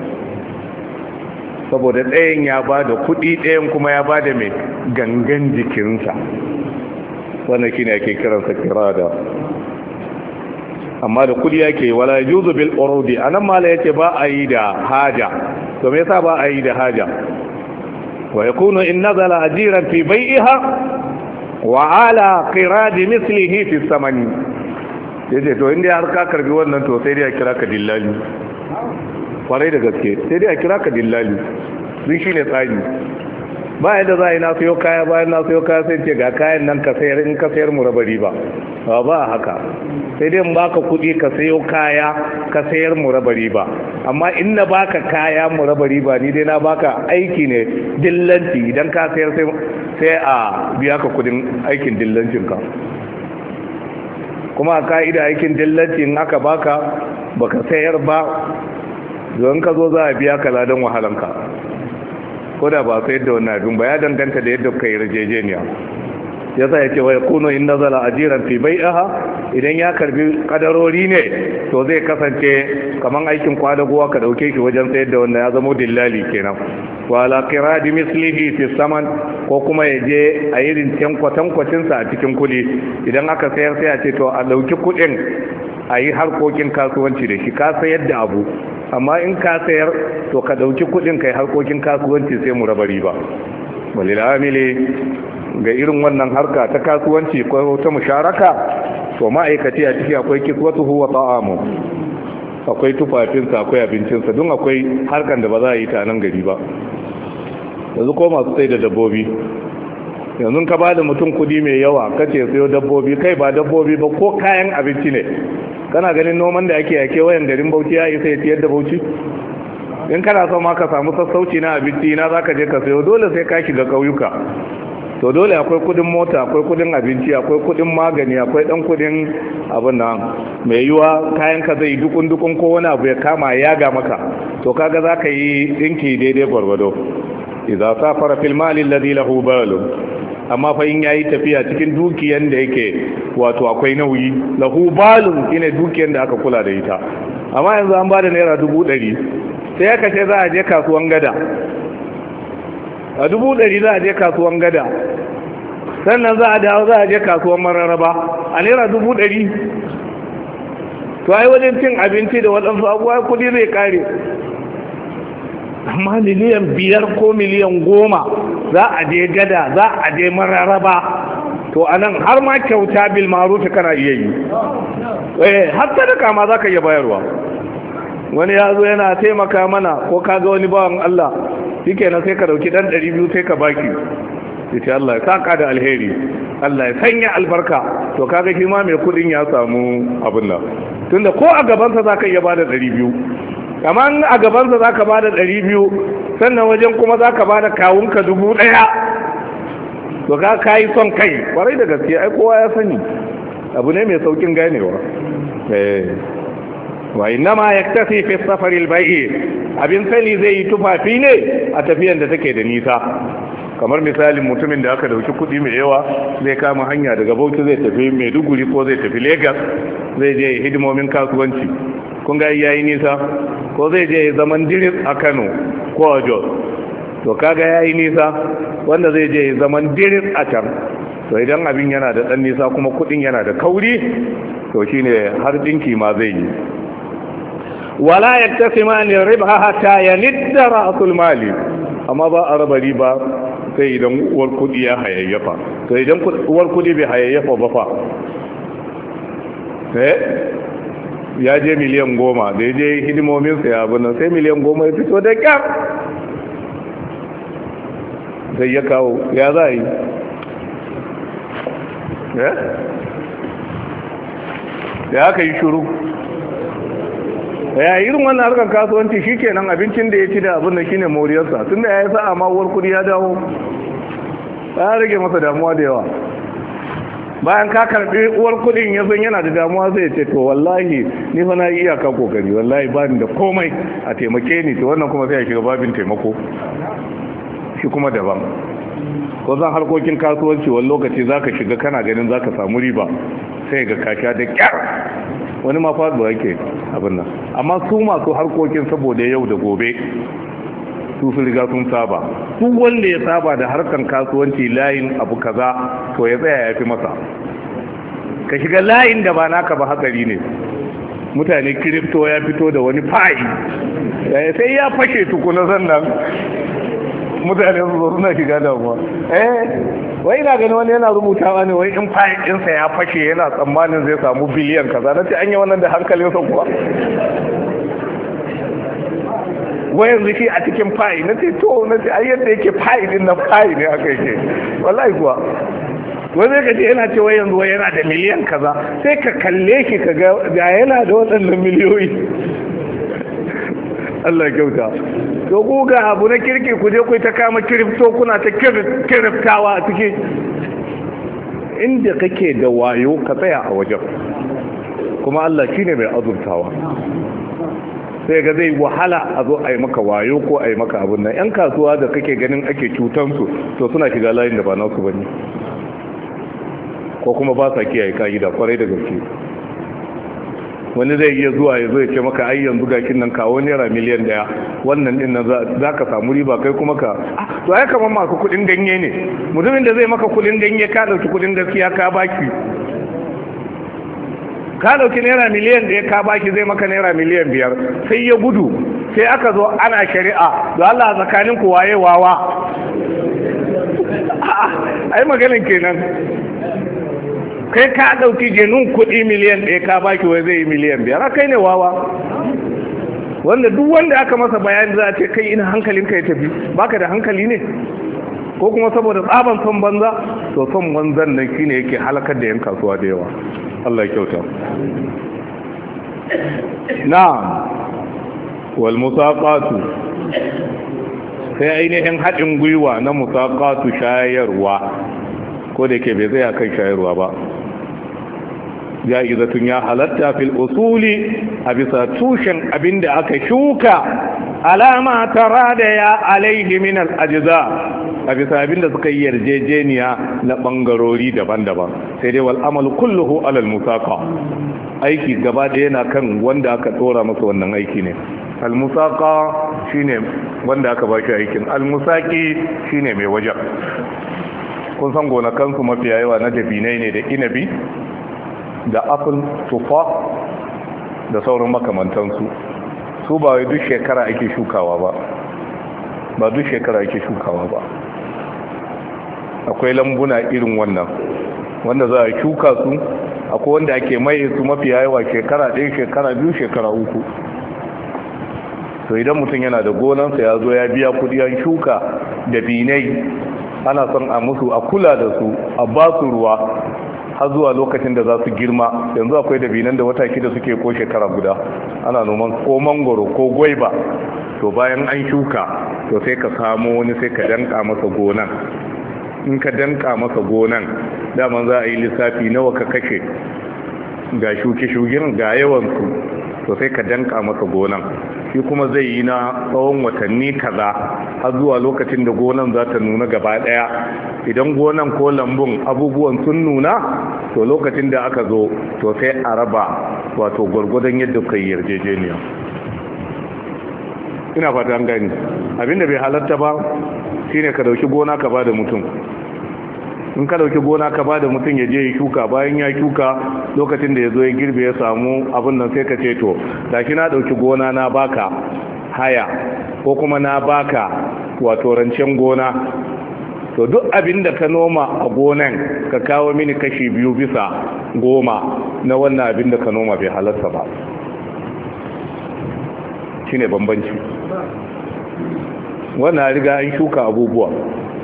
saboda ɗayan ya ba da kuɗi ɗayan kuma ya ba da mai gangan jikinsa wannan shine ake kiransa kirada amma da kudi yake wala yuzu bil urudi anan mala yace ba a yi da haja to me yasa ba a yi da haja wa yakunu in nazala ajiran fi bai'iha wa ala qirad mislihi fi samani yace to inda har ka karbi wannan to sai dai a kira ka dillali kwarai da gaske sai dai a kira ka dillali sun ne tsari ba yadda za a yi na sayo kaya bayan na siyo kaya sai ce ga kayan nan ka sayar in ka sayar mu rabari ba, ba ba haka sai dai in baka kuɗi ka sayo kaya ka sayar mu rabari ba. amma in na baka kaya mu rabari ba ni dai na baka aiki ne dillanci idan ka sayar sai a biya ka kuɗin aikin dillancin ka kuma a ka'ida aikin dillanci in aka baka baka sayar ba don ka zo za a biya ka ladan wahalanka ko da ba sai da wannan abin ba ya danganta da yadda kai yarjejeniya ya sa ya ce wa kuno in nazala ajiran fi bai'aha idan ya karbi kadarori ne to zai kasance kaman aikin kwadagowa ka dauke shi wajen sayar da wannan ya zama dillali kenan wa ala qiradi mislihi fi saman ko kuma ya je a irin tankwatan kwatin sa a cikin kudi idan aka sayar sai a ce to a dauki kudin a yi harkokin kasuwanci da shi ka sayar da abu amma in ka sayar to ka ɗauki kuɗin kai yi harkokin kasuwanci sai mu raba riba walilamile ga irin wannan harka ta kasuwanci ko ta musharaka to ma'aikaci a ciki akwai kiswatu huwa ta'amu akwai tufafinsa akwai abincinsa don akwai harkan da ba za a yi ta nan gari ba yanzu ko masu sai da dabbobi yanzu ka ba da mutum kudi mai yawa kace sayo dabbobi kai ba dabbobi ba ko kayan abinci ne kana ganin noman da ake yake wayan garin bauchi ya isa ya da bauchi in kana so ma ka samu sassauci na abinci na za ka je ka sayo dole sai ka shiga ƙauyuka to dole akwai kudin mota akwai kudin abinci akwai kudin magani akwai dan kudin abin nan mai yiwa kayan ka zai dukun dukun ko wani abu ya kama ya ga maka to kaga za ka yi dinki daidai gwargwado idza safara fil mali alladhi lahu balu amma fa in yayi tafiya cikin dukiyan da yake wato akwai nauyi lahu balun ina dukiyan da aka kula da ita amma yanzu an bada naira dubu ɗari sai aka ce za a je kasuwan gada a dubu ɗari za a je kasuwan gada sannan za a dawo za a je kasuwan mararaba a naira dubu ɗari to ai wajen cin abinci da waɗansu abuwa kudi zai kare amma miliyan biyar ko miliyan goma za a je gada za a je mararaba to a nan har ma kyauta bil marufi kana iya yi eh har sadaka ma zaka iya bayarwa wani ya zo yana taimaka mana ko kaga wani bawan Allah shike na sai ka dauki dan 200 sai ka baki ce Allah ya saka da alheri Allah ya sanya albarka to kaga shi ma mai kudin ya samu abin nan tunda ko a gabansa za zaka iya bada biyu? kamar a gabansa za ka bada ɗari biyu sannan wajen kuma za ka bada kawunka dubu ɗaya to ka kayi son kai kwarai da gaske ai kowa ya sani abu ne mai saukin ganewa eh. wa inna ma yaktafi fi safar al abin sani zai yi tufafi ne a tafiyan da take da nisa kamar misalin mutumin da aka dauki kudi mai yawa zai kama hanya daga Bauchi zai tafi Maiduguri ko zai tafi Lagos zai je hidimomin kasuwanci kun ga yi nisa ko zai je zaman diris a Kano ko a Jos to kaga ya yi nisa wanda zai je zaman diris a can to idan abin yana da dan nisa kuma kudin yana da kauri to shi ne har dinki ma zai yi wala yaktasimani hata ya nidda ra'asul mali amma ba a raba riba sai idan uwar kudi ya hayayyafa to idan uwar kudi bai hayayyafa ba fa eh? ya je miliyan goma da ya je hidimominsa ya abinan sai miliyan goma ya fito da kyar sai ya kawo ya za a yi eh? ya aka yi shuru ya irin wannan harkar kasuwanci shi kenan abincin da ya ci da abin da shine moriyarsa tun ya yi sa'a mawar kudi ya dawo ya rage masa damuwa da yawa bayan ka karbi uwar kudin ya san yana da damuwa zai ce to wallahi ni fa na iyaka kokari wallahi ba ni da komai a taimake ni to wannan kuma sai ya shiga babin taimako shi kuma daban ko zan harkokin kasuwanci wani lokaci zaka shiga kana ganin zaka samu riba sai ga kasha da kyar wani ma faduwa yake abin nan amma su masu harkokin saboda yau da gobe su su riga sun saba duk wanda ya saba da harkan kasuwanci layin abu kaza to ya tsaya ya fi masa ka shiga layin da ba naka ba hatsari ne mutane kirifto ya fito da wani fa'i eh, sai ya fashe tukuna sannan mutane su zo suna shiga damuwa eh wai ina gani wani yana rubutawa ne wai in fa'insa ya fashe yana tsammanin zai samu biliyan kaza na ce an yi wannan da hankalinsa kuwa wai yanzu shi a cikin fayi na ce to na ce yadda yake fayi din na fayi ne aka yake wallahi kuwa wani zai kaji yana cewa yanzu wai yana da miliyan kaza sai ka kalle shi ka ga yana da waɗannan miliyoyi Allah kyauta to ku ga abu na kirki ku je ku ta kama kirifto kuna ta kiriftawa a ciki inda kake da wayo ka tsaya a wajen kuma Allah shine mai azurtawa sai ga zai wahala a zo a yi maka wayo ko a yi maka abin nan yan kasuwa da kake ganin ake cutansu to suna shiga layin da ba nasu ba ne ko kuma ba sa kiyaye ka'ida kwarai da gaske wani zai iya zuwa ya zo ya ce maka ai yanzu gakin nan kawo naira miliyan daya wannan din nan za ka samu riba kai kuma ka ah, to ai kamar masu kudin ganye ne mutumin da zai maka kudin ganye ka dauki kudin gaskiya ka baki ka dauki naira miliyan da ya ka baki zai maka naira miliyan biyar sai ya gudu sai aka zo ana shari'a da Allah tsakanin ku waye wawa [LAUGHS] ai maganin kenan kai ka dauki genun kuɗi miliyan ɗaya ka baki wai zai yi miliyan biyar kai ne wawa wanda duk wanda aka masa bayani za a ce kai ina hankalin ka ya tafi baka da hankali ne ko kuma saboda tsaban son banza to son banzan nan shine yake halakar da yan kasuwa da yawa Allah ya kyauta na'am wal musaqatu sai ainihin haɗin gwiwa na musaqatu shayarwa ko da yake bai a kan shayarwa ba ja'izatun ya halatta fil usuli a bisa tushen abin da aka shuka alama tara da ya alaihi min al'ajiza a bisa abin da suka yi yarjejeniya na ɓangarori daban-daban sai dai wal'amal kulluhu alal musaka aiki gaba da yana kan wanda aka tsora masa wannan aiki ne al-musaka shine wanda aka bashi aikin al-musaki shine mai wajen kun san gonakansu mafiya yawa na dabinai ne da inabi da apple tufa da sauran makamantansu su ba wai duk shekara ake shukawa ba ba duk shekara ake shukawa ba akwai lambuna irin wannan wanda za a shuka su akwai wanda ake mai su mafi yawa shekara ɗaya shekara biyu shekara uku to idan mutum yana da gonansa ya zo ya biya kudi an shuka da binai ana son a musu a kula da su a ba su ruwa har zuwa lokacin da za su girma yanzu akwai dabinan da wata da suke ko shekara guda ana noman ko mangoro ko gwaiba to bayan an shuka to sai ka samo wani sai ka danka masa gonan in ka danka masa gonan daman za a yi lissafi nawa ka kashe ga shuke shugin ga yawansu to sai ka danka masa gonan shi kuma zai yi na tsawon watanni kaza har zuwa lokacin da gonan za ta nuna gaba daya idan gonan ko lambun abubuwan sun nuna to lokacin da aka zo to sai a raba wato gwargwadon yadda kai yarjejeniya ina fata an gani abinda bai halarta ba shine ka dauki gona ka bada mutum in ka dauki gona ka bada mutum ya je ya shuka bayan ya shuka lokacin da ya zo ya girbe ya samu abin nan sai ka ce to daki na dauki gona na baka haya ko kuma na baka wato rancen gona to duk abin da ka noma a gonan ka kawo mini kashi biyu bisa goma na wannan abin da ka noma bai halarta ba shi ne bambanci wannan riga an shuka abubuwa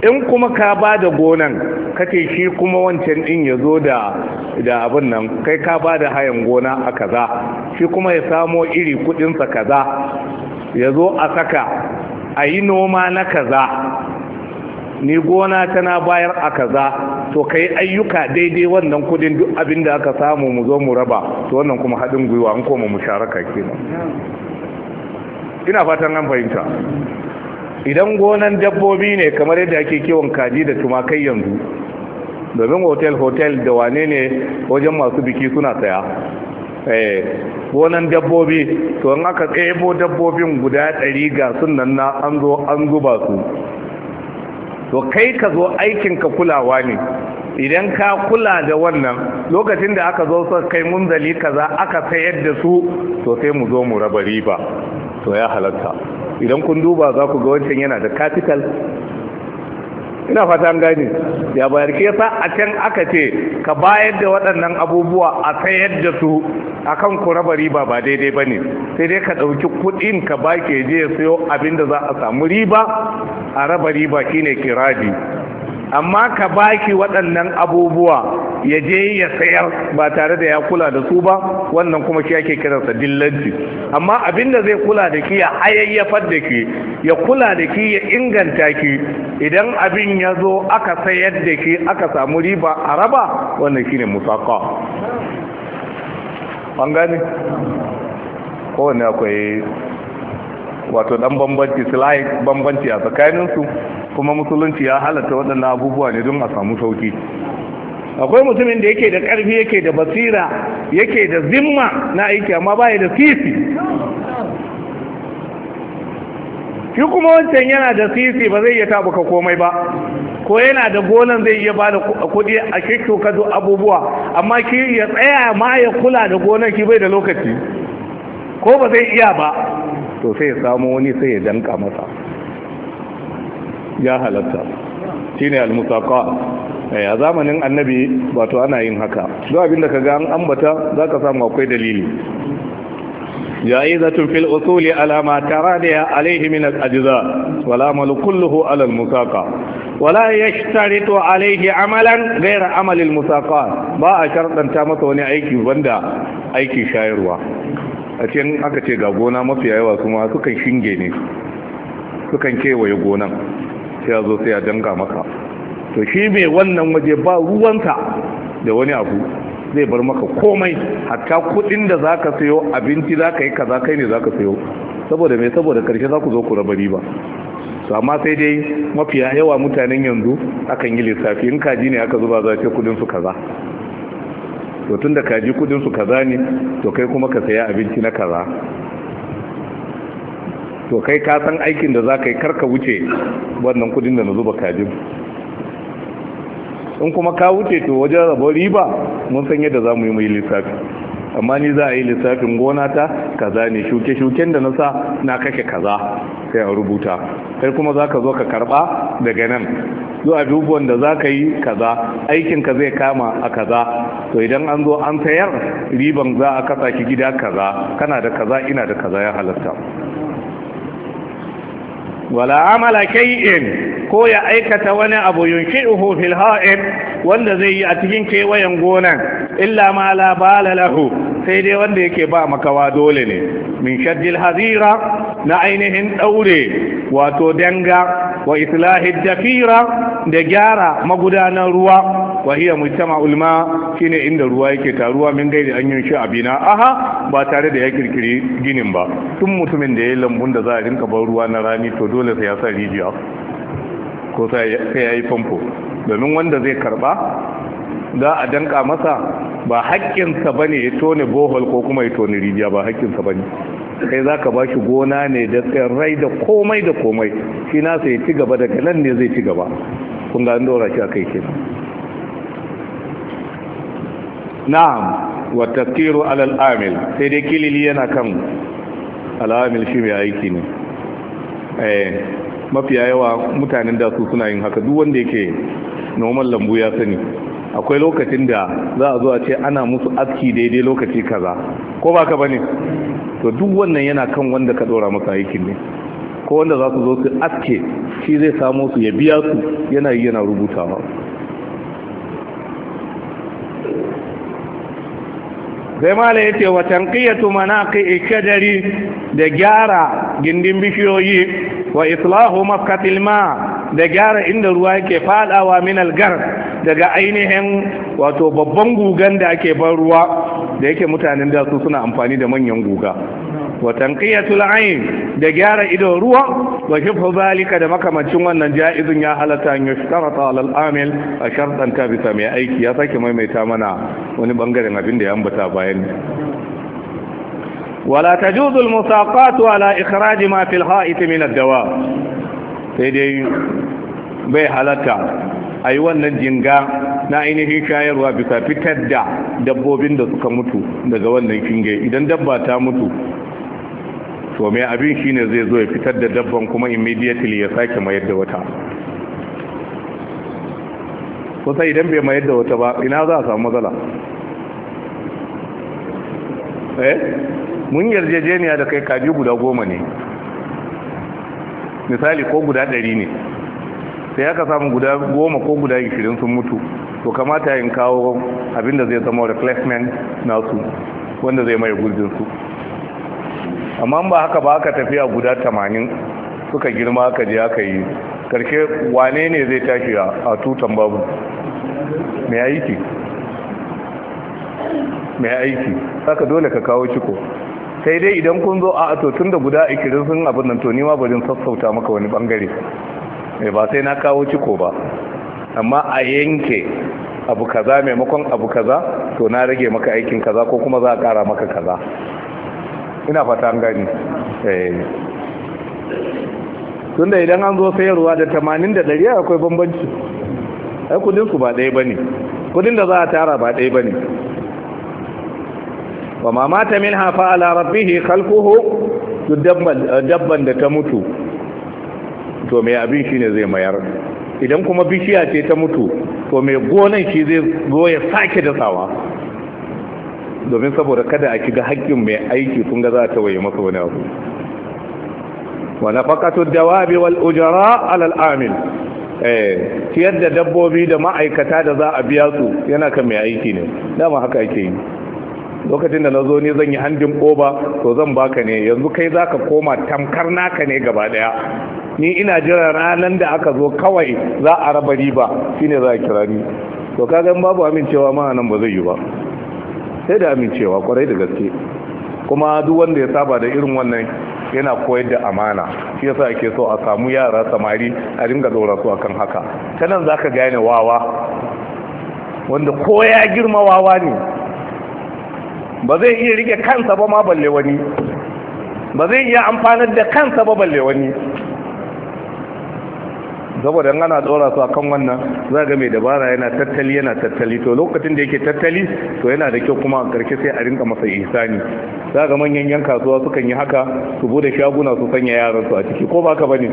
in kuma ka ba da gonan kake shi kuma wancan din ya zo da da abin nan kai ka ba da hayan gona a kaza shi kuma ya samo iri kudinsa kaza ya zo a saka a yi noma na kaza ni gona tana bayar a kaza to kai ayyuka daidai wannan kudin duk abin da aka samu mu zo mu raba to wannan kuma haɗin gwiwa an koma mu sharaka kenan ina fatan an fahimta idan gonan dabbobi ne kamar yadda ake kiwon kaji da tumakai yanzu domin hotel-hotel da wane ne wajen masu biki suna saya eh, gonan dabbobi to an aka tsebo dabbobin guda ɗari ga sunan na an zo an zuba su to kai ka zo aikinka kulawa ne idan ka kula da wannan lokacin da aka zo sa kai munzali kaza aka sayar da su to sai mu zo mu raba riba to ya halatta idan kun duba za ku ga wancan yana da capital ina fatan gani. gane ya bayar ke sa a can aka ce ka bayar da waɗannan abubuwa a sayar da su akan ku raba riba ba daidai ba ne sai dai ka ɗauki kuɗin ka ba ke je ya sayo abin da za a samu riba a raba riba shine kiradi amma ka baki waɗannan abubuwa ya je ya sayar ba tare da ya kula da su ba wannan kuma shi ake kiransa dillanci amma abin da zai kula da ki ya hayayyafar da ki ya kula da ki ya inganta ki idan abin ya zo aka sayar da ki aka samu riba a raba wannan ne musaka an gane kowane akwai wato dan bambanci slide bambanci a tsakaninsu kuma musulunci ya halatta waɗannan abubuwa ne don a samu sauki akwai mutumin da yake da ƙarfi yake da basira yake da zimma na aiki amma baya da sisi shi kuma wancan yana da sisi ba zai iya tabuka komai ba ko yana da gonan zai iya ba da kuɗi a shekka duk abubuwa amma ki ya tsaya ma ya kula da gonan ki bai da lokaci ko ba zai iya ba to sai ya samu wani sai ya danka masa ya halatta shine al-mutaqa eh, a zamanin annabi bato ana yin haka abin duk abinda kaga an ambata ka samu akwai dalili ja'izatu fil usuli ala ma taraniya alayhi min al-ajza wal amal kulluhu ala al-mutaqa wala yashtaritu alayhi amalan ghayra amal al-mutaqa ba a shartan masa wani aiki banda aiki shayarwa a cikin aka ce ga gona mafi yawa kuma sukan sukan kewaye gona. sai ya zo sai ya danga maka to shi mai wannan waje ba ruwanka da wani abu zai bar maka komai hatta kudin da za ka sayo abinci za ka yi kaza kai ne za ka sayo saboda mai saboda karshe za ku zo ku raba riba su amma sai dai mafiya yawa mutanen yanzu akan yi lissafi in kaji ne aka zuba za ce kudin su kaza to tun da kaji kudin su kaza ne to kai kuma ka saya abinci na kaza to kai ka san aikin da za ka yi karka wuce wannan kudin da na zuba kajin in kuma ka wuce to wajen rabo riba mun san yadda za mu yi mai lissafi amma ni za a yi lissafin gona ta kaza ne shuke-shuken da na sa na kashe kaza sai a rubuta kai kuma za ka zo ka karba daga nan zuwa dubuwan da za ka yi kaza ka zai kama a kaza to idan an zo an sayar riban za a kasa ki gida kaza kana da kaza ina da kaza ya halatta wala amala kai'in ko ya aikata wani abu yunshi'uhu fil ha'id wanda zai yi a cikin kewayen gonan illa ma la bala lahu sai dai wanda yake ba makawa dole ne min shaddil hazira na ainihin daure wato danga wa islahin dafira da gyara magudanar ruwa wa hiya mujtama ulma shine inda ruwa yake taruwa min gaida an yi shi abina aha ba tare da ya kirkiri ginin ba tun mutumin da ya yi lambun da za a rinka bar ruwa na rani to dole sai ya sa rijiya ko sai ya yi famfo domin wanda zai karba za a danka masa ba haƙƙinsa ba ne ya tone bohol ko kuma ya tone rijiya ba haƙƙinsa ba ne kai za ka ba shi gona ne da tsirrai da komai da komai shi nasa ya ci gaba daga nan ne zai ci gaba kun ga an shi a kai ke na'am wa tafkiru alal sai dai kilili yana kan al'amil shi mai aiki ne eh, mafiya yawa mutanen da su suna yin haka duk wanda yake noman lambu ya sani akwai lokacin da za a zo a ce ana musu aski daidai lokaci kaza ko ba ka bane to duk wannan yana kan wanda ka dora masa aikin ne ko wanda za su zo su aske shi zai samo su ya biya su yana yi yana rubutawa Zai mala ya ce watan kiyatu manaki dari da gyara gindin bishiyoyi wa islahu mafkatil da gyara inda ruwa yake faɗawa min algar daga ainihin wato babban gugan da ake ban ruwa da yake mutanen da su suna amfani da manyan guga Watan tanqiyatul ayn da gyara ido ruwa wa hifdhu zalika da makamancin wannan jaizun ya halata an yushtarata ala al-amil a shartan ta bisa mai aiki ya sake maimaita mana wani bangaren abin da ya ambata bayan wala tajuzu al-musaqat ala ikhraj ma fi hait min ad-dawa sai dai bai halatta a yi wannan jinga na ainihin shayarwa bisa fitar da dabbobin da suka mutu daga wannan shinge idan dabba ta mutu to mai abin shi ne zai zo ya fitar da dabban kuma immediately ya sake mayar da wata kusa idan bai mayar da wata ba ina za a samu matsala eh mun yarjejeniya da kai kaji guda goma ne misali ko guda ɗari ne sai aka samu guda goma ko guda gishirin sun mutu to kamata yin kawo abinda zai zama replacement nasu wanda zai mai gurbinsu amma ba haka ba aka tafiya guda tamanin suka girma aka je aka yi karshe wane ne zai tashi a tutan babu mai aiki mai aiki saka dole ka kawo ciko sai dai idan kun zo a ato tun da guda ikirin sun abin nan to nima bajin sassauta maka wani bangare Eh, ba sai na kawo ciko ba amma a yanke abu kaza maimakon abu kaza to na rage maka aikin kaza ko kuma za a kara maka kaza ina fata an gani eh. tunda idan an zo sayarwa da tamanin da 100 akwai bambanci ai kudin su ba ɗaya ba ne, kudin da za a tara ba ɗaya ba ba ma mamata min hafa ala rabbih khalquhu dabban da ta mutu to mai abin shi ne zai mayar idan kuma bishiya ce ta mutu to mai gonan shi zai zo ya sake dasawa domin saboda kada a shiga haƙƙin mai aiki sun ga za ta waye masa wani abu wa nafaqatu dawabi wal ujara ala al amil eh ciyar da dabbobi da ma'aikata da za a biya su yana kan mai aiki ne dama haka ake yi lokacin da na zo ne zan yi handin oba to zan baka ne yanzu kai zaka koma tamkar naka ne gaba daya ni ina jira ranar da aka zo kawai za a raba riba shine za a kira ni to kaga babu amincewa ma nan ba zai yi ba sai da amincewa kwarai da gaske kuma duk wanda ya saba da irin wannan yana koyar da amana shi yasa ake so a samu yara samari a ringa dora su akan haka ta nan zaka gane wawa wanda ko ya girma wawa ne ba zai iya rike kansa ba ma balle wani ba zai iya amfanar da kansa ba balle wani saboda in ana dora su akan wannan za ga mai dabara yana tattali yana tattali to lokacin da yake tattali to yana da kyau kuma a karshe sai a rinka masa ihsani za ga manyan yan kasuwa sukan yi haka su bude shaguna su sanya yaran su a ciki ko baka bane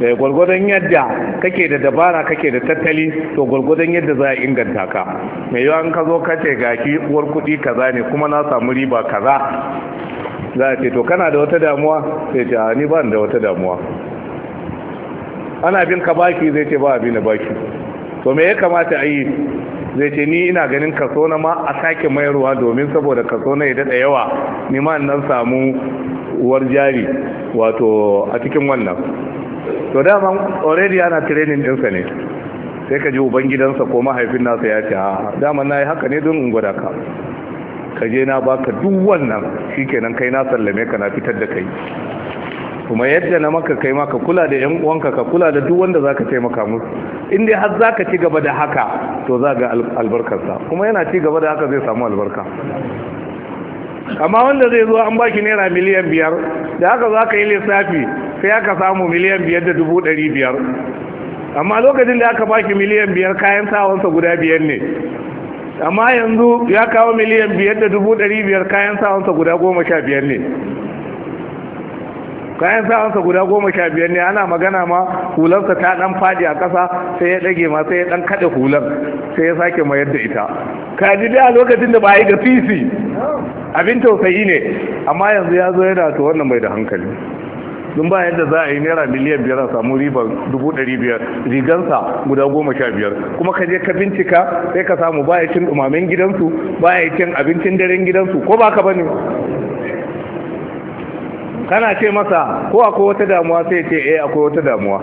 da eh, gwargwadon yadda kake da dabara kake da tattali to gwargwadon yadda za a inganta ka mai yawan an ka zo ka ce gashi uwar kuɗi kaza ne kuma na samu riba kaza za a ce to kana da wata damuwa sai ta ni ba da wata damuwa ana bin ka baki zai ce ba abin da baki to me ya kamata a yi zai ce ni ina ganin kaso na ma a sake mayarwa domin saboda kaso na ya daɗa yawa ni ma nan samu uwar jari wato a cikin wannan to dama already ana training ɗinsa ne sai ka ji ubangidansa ko mahaifin nasa ya ce a dama na yi haka ne don in gwada ka ka je na baka duk wannan shi kenan kai na sallame ka na fitar da kai kuma yadda na maka kai maka kula da yan uwanka ka kula da duk wanda zaka taimaka musu in dai har zaka ci gaba da haka to za ga albarkarsa kuma yana ci gaba da haka zai samu albarka amma wanda zai zo an baki naira miliyan biyar da haka za ka yi lissafi sai aka samu miliyan biyar da dubu ɗari biyar amma lokacin da aka baki miliyan biyar kayan sawansa guda biyar ne amma yanzu ya kawo miliyan biyar da dubu ɗari biyar kayan sawansa guda goma sha biyar ne kayan sa'ansa guda goma sha biyar ne ana magana ma hularsa ta dan fadi a kasa sai ya dage ma sai ya dan kaɗe hular sai ya sake mayar da ita ka ji dai a lokacin da ba a yi ga fisi abin tausayi ne amma yanzu ya zo yana to wannan bai da hankali dun ba yadda za a yi naira miliyan biyar a samu ribar dubu ɗari biyar rigansa guda goma sha biyar kuma ka je ka bincika sai ka samu Ba baya cin ɗumamen gidansu baya cin abincin daren gidansu ko ba ka bane kana ce masa ko akwai wata damuwa sai ce eh akwai wata damuwa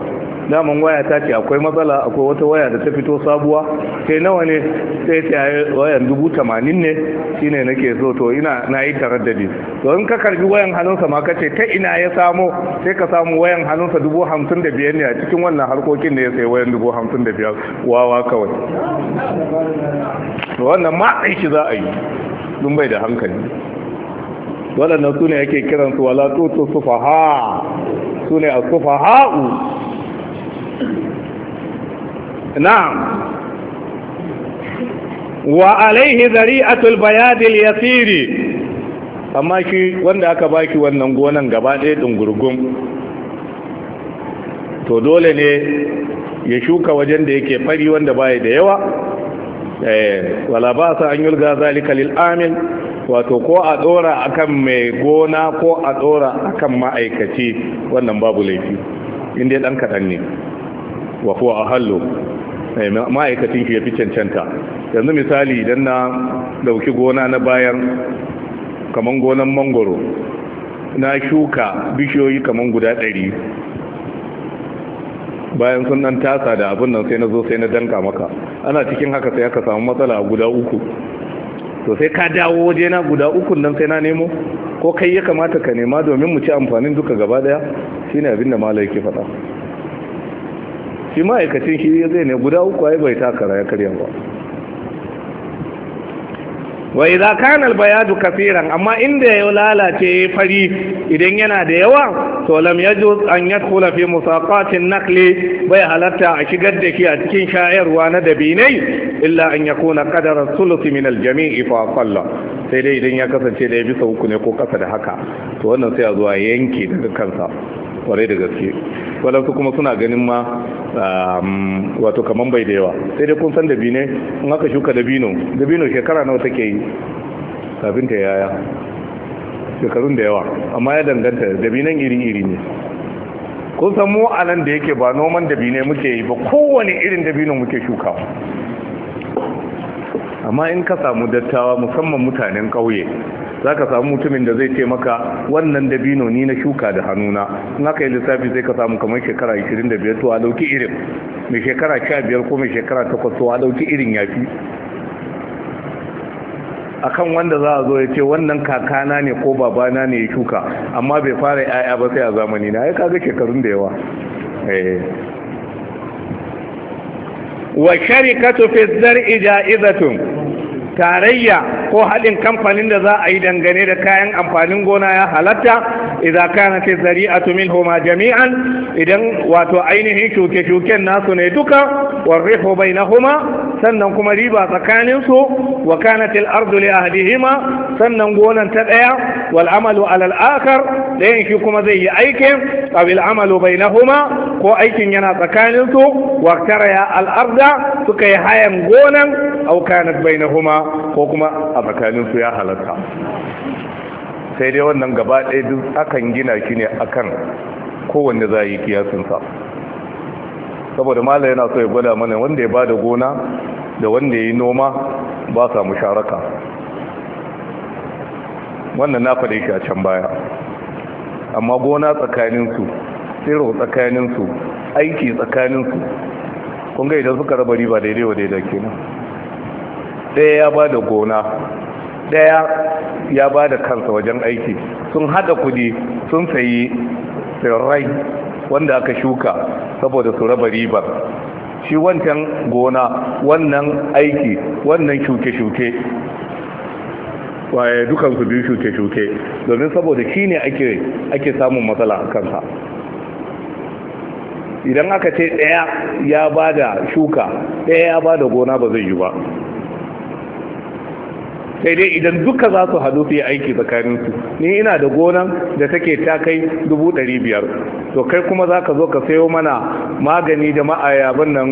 daman waya ta ce akwai matsala akwai wata waya da ta fito sabuwa sai nawa ne sai ta wayan dubu tamanin ne shine nake so to ina na yi taraddadi to in ka karbi wayan hannunsa ma kace ta ina ya samo sai ka samu wayan hannunsa dubu hamsin da biyar ne a cikin wannan harkokin ne ya sai wayan dubu hamsin da biyar wawa kawai wannan ma shi za a yi dun bai da hankali waɗannan su ne ake kiransu walatutu sufaha su ne a sufaha'u na wa alaihi zari'atul bayadil yasiri amma shi wanda aka baki wannan gonan gaba ɗaya ɗin ɗungurgun to dole ne ya shuka wajen da yake fari wanda baya da yawa eh, wala ba sa an yulga zalika lil amin wato ko a dora akan mai gona ko a dora akan ma'aikaci wannan babu laifi inda dan kadan ne wa huwa ahallu eh, ma'aikacin ki ya fi cancanta yanzu misali idan na dauki gona na bayan kaman gonan mangoro na shuka bishiyoyi kaman guda ɗari bayan sun dan tasa da abin nan sai na zo sai na danka maka ana cikin haka sai aka samu matsala guda uku to sai ka dawo waje na guda ukun nan sai na nemo ko kai ya kamata ka nema domin mu ci amfanin duka gaba daya shine abin da malai ke faɗa shi ma'aikacin shi zai ne guda uku ai bai takara ya karya ba wa idza kana albayadu kaseeran amma inda ya lalace fari idan yana da yawa to lam yajuz an yadkhula fi musaqatin naqli bai halatta a shigar da shi a cikin shayarwa na dabinai illa an yakuna qadara thuluth min aljami'i fa qalla sai dai idan ya kasance da ya bisa uku ne ko kasa da haka to wannan sai a zuwa yanke daga kansa kwarai da gaske walansu kuma suna ganin ma um, wato kaman bai da yawa sai dai kun san dabino in aka shuka dabino dabino shekara nawa take yi kafin ta yaya shekarun da yawa amma ya danganta dabinan iri-iri ne kun san mu a nan da yake ba noman dabine muke yi ba kowane irin dabino muke shuka. amma in ka samu dattawa musamman mutanen ƙauye za ka samu mutumin da zai taimaka wannan wannan dabino ni na shuka da hannuna in aka yi lissafi zai ka samu kamar shekara 25 to a dauki irin mai shekara 15 ko mai shekara 8 to a dauki irin ya fi. A kan wanda za a zo ya ce wannan kakana ne ko babana ne ya shuka amma bai fara yaya ba sai a zamani na ya kaga shekarun da yawa eh. wa sharikatu fi zar'i ja'izatun tarayya ko haɗin kamfanin da za a yi dangane da kayan amfanin gona ya halatta idza kana fi zari'atu minhuma jami'an idan wato ainihin shuke-shuken nasu ne duka warrihu bainahuma sannan kuma riba tsakanin su wa kanat al-ardu li ahlihima sannan gonan ta daya wal amalu ala al-akhar dayan shi kuma zai yi aikin aw al amalu bainahuma ko aikin yana tsakanin su wa karaya al-arda suka yi hayan gonan au na huma ko kuma a tsakanin su ya halatta sai dai wannan gaba ɗaya duk akan gina shi ne akan kowanne za a yi kiyasin saboda mala yana so ya gwada mana wanda ya bada gona da wanda ya yi noma ba sa musharaka wannan na faɗe shi a can baya amma gona tsakaninsu tsiro tsakaninsu aiki tsakaninsu kunga idan suka raba riba daidai wa daidai kenan ɗaya ya ba da gona ɗaya ya ba da kansa wajen aiki sun hada kudi sun sayi tsirrai wanda aka shuka saboda su raba ribar shi wancan gona wannan aiki wannan shuke-shuke waye dukansu biyu shuke-shuke domin saboda shi ne ake samun matsala a kansa idan aka ce ɗaya ya ba da shuka ɗaya ya ba da gona ba zai yi ba sai dai idan duka za su hadu su yi aiki tsakaninsu ni ina da gona da take ta kai dubu ɗari biyar to kai kuma za ka zo ka sayo mana magani da ma'aya eh, nan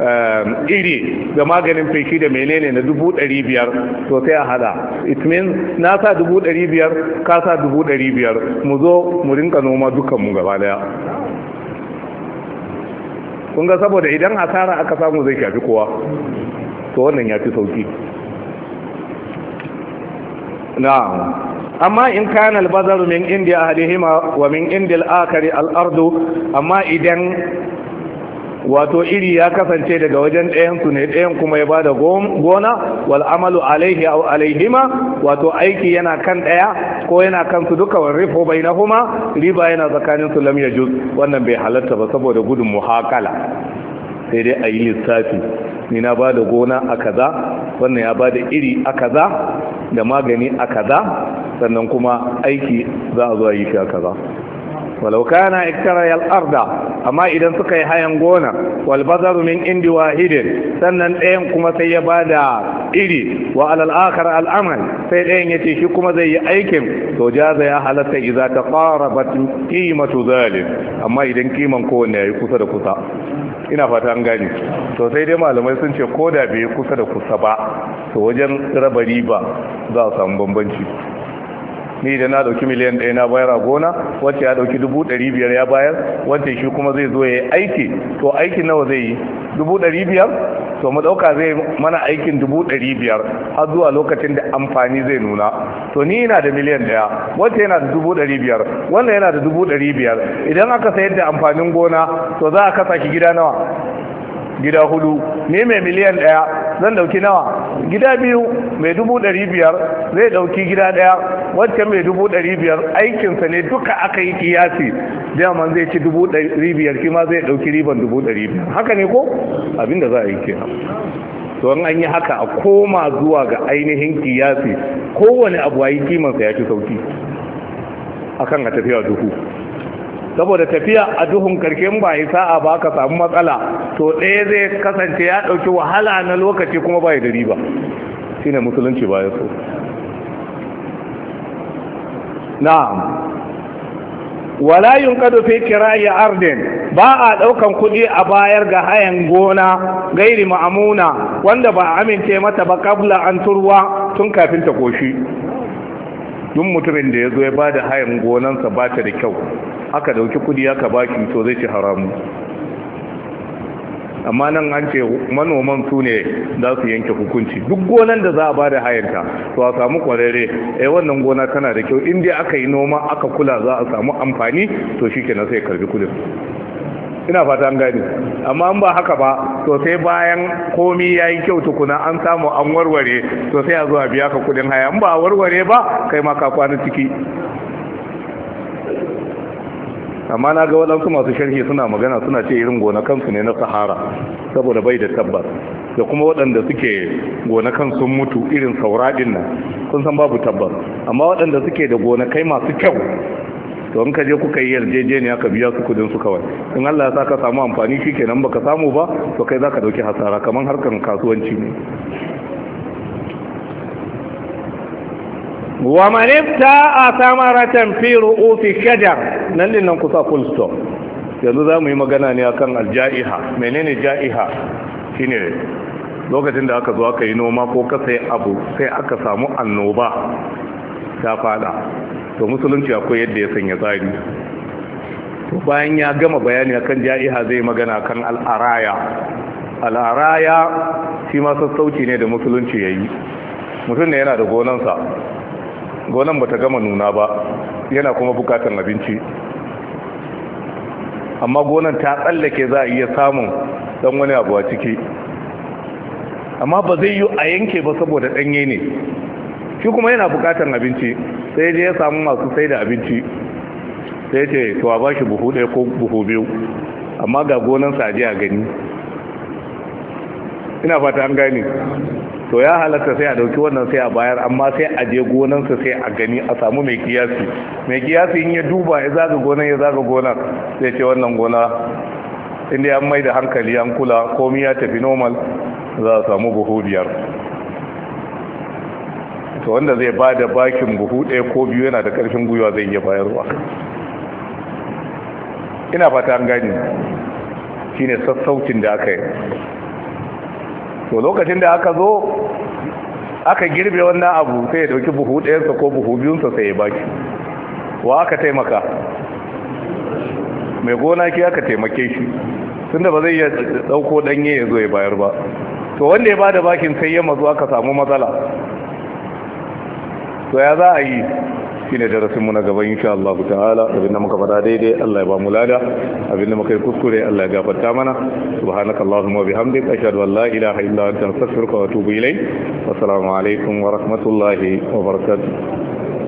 eh, iri da maganin feshi da menene na dubu ɗari biyar to sai a hada it means na sa dubu ɗari biyar ka sa dubu ɗari biyar mu zo mu rinka noma dukanmu gaba daya Kunga saboda idan asara aka samu zai shafi kowa to wannan ya fi sauki na'am amma in kana albazar min indiya ahlihima wa min indil akari al'ardu amma idan wato iri ya kasance daga wajen ɗayan su ne ɗayan kuma ya bada gona wal amalu alaihi aw alaihima wato aiki yana kan ɗaya ko yana kan su duka wa rifo bainahuma riba yana tsakanin su lam yajuz wannan bai halatta ba saboda gudun muhakala sai dai a yi lissafi ni na ba da gona a kaza wannan ya ba da iri a kaza da magani a kaza sannan kuma aiki za a zo a yi shi a kaza walau yana iktarayal arda amma idan suka yi hayan gona wal bazaru min indi wahidin sannan ɗayan kuma sai ya bada iri wa alal akhar sai ɗayan ya ce shi kuma zai yi aikin to jaza ya halatta idza taqarabat qimatu zalim amma idan kiman kowanne yayi kusa da kusa ina fata an gani to dai malamai sun ce ko da bai kusa da kusa ba to wajen raba riba za a samu bambanci ni da na dauki miliyan ɗaya na bayar a gona wacce ya dauki dubu ɗari biyar ya bayar wacce shi kuma zai zo ya yi aiki to aikin nawa zai yi dubu ɗari biyar to mu dauka zai mana aikin dubu ɗari biyar har zuwa lokacin da amfani zai nuna to ni yana da miliyan ɗaya wacce yana da dubu ɗari biyar wanda yana da dubu ɗari biyar idan aka sayar da amfanin gona to za a kasa ki gida nawa gida hudu ni mai miliyan ɗaya zan dauki nawa gida biyu mai dubu ɗari biyar zai ɗauki gida ɗaya wacce mai dubu ɗari biyar aikinsa ne duka aka yi kiyasi daman zai ci dubu ɗari biyar kima zai ɗauki riban dubu ɗari biyar haka ne ko da za a yi kenan don an yi haka a koma zuwa ga ainihin kiyasi kowane abu a yi kimansa ya ci sauki akan a tafiya duhu saboda tafiya a duhun karken ba yi sa'a ba ka samu matsala to ɗaya zai kasance ya ɗauki wahala na lokaci kuma ba da riba shi ne musulunci ba ya so na'am wala kado fi ya arden ba a ɗaukan kuɗi a bayar ga hayan gona gairi ma'amuna wanda ba amince mata ba kabla an turwa tun kafin ta koshi dun mutumin da ya zo ya ba da hayan gonansa ba ta da kyau aka dauki kudi aka baki to zai ci haramu amma nan an ce manoman su ne za su yanke hukunci duk gonan da za a ba da hayanta to a samu kwararre eh wannan gona tana da kyau inda aka yi noma aka kula za a samu amfani to shi kenan sai karbi kudin ina fata an gani amma an ba haka ba to sai bayan komi ya yi kyau tukuna an samu an warware to sai a zuwa biya ka kudin haya in ba warware ba kai ma ka kwana ciki amma na ga waɗansu masu sharhi suna magana suna ce irin gonakansu ne na sahara saboda bai da tabbas da kuma waɗanda suke gonakan sun mutu irin sauraɗin nan kun san babu tabbas amma waɗanda suke da gona kai masu kyau to in ka je kuka yi yarjejeniya ka biya su kudin su kawai in Allah ya sa ka samu amfani shi kenan baka samu ba to kai zaka ɗauki hasara kamar harkar kasuwanci ne wa manifta a samaratan fi ru'ufi nan din nan kusa full stop yanzu za mu yi magana ne akan alja'iha menene ja'iha shine lokacin da aka zo aka yi noma ko ka sai abu sai aka samu annoba ta fada to musulunci akwai yadda ya sanya tsari to bayan ya gama bayani akan ja'iha zai magana kan al'araya al'araya shi ma sassauci ne da musulunci yayi mutum ne yana da gonansa gonan bata gama nuna ba yana kuma bukatar abinci amma gonan ta tsallake za a iya samun dan wani abu a ciki amma ba zai yi a yanke ba saboda ɗanye ne shi kuma yana bukatar abinci sai je ya samu masu sai da abinci sai ce to a bashi buhu ɗaya ko buhu biyu amma ga gonan sa a gani ina fata an gane to ya halatta sai a dauki wannan sai a bayar amma sai a je sa sai a gani a samu mai kiyasi mai kiyasi in ya duba ya zaga gonan ya zaga gonan sai ce wannan gona inda ya mai da hankali an kula komi ya tafi normal za a samu buhu biyar to wanda zai ba da bakin buhu ɗaya ko biyu yana da ƙarfin gwiwa zai iya bayarwa ina fata an gani shine sassaucin da aka yi to lokacin da aka zo aka girbe wannan abu sai ya dauki buhu ɗayansa ko buhu biyunsa sai ya baki wa aka taimaka mai gona ki aka taimake shi tunda ba zai iya ɗauko ɗanye ya zo ya bayar ba to wanda ya bada bakin sai ya mazu aka samu matsala to ya za a yi shine darasinmu na gaba insha Allah ta'ala abinda muka faɗa daidai Allah ya ba mu lada abinda muka yi kuskure Allah ya gafarta mana subhanaka allahumma wa bihamdika ashhadu an la ilaha illa anta astaghfiruka wa atubu ilayk assalamu alaikum wa rahmatullahi wa barakatuh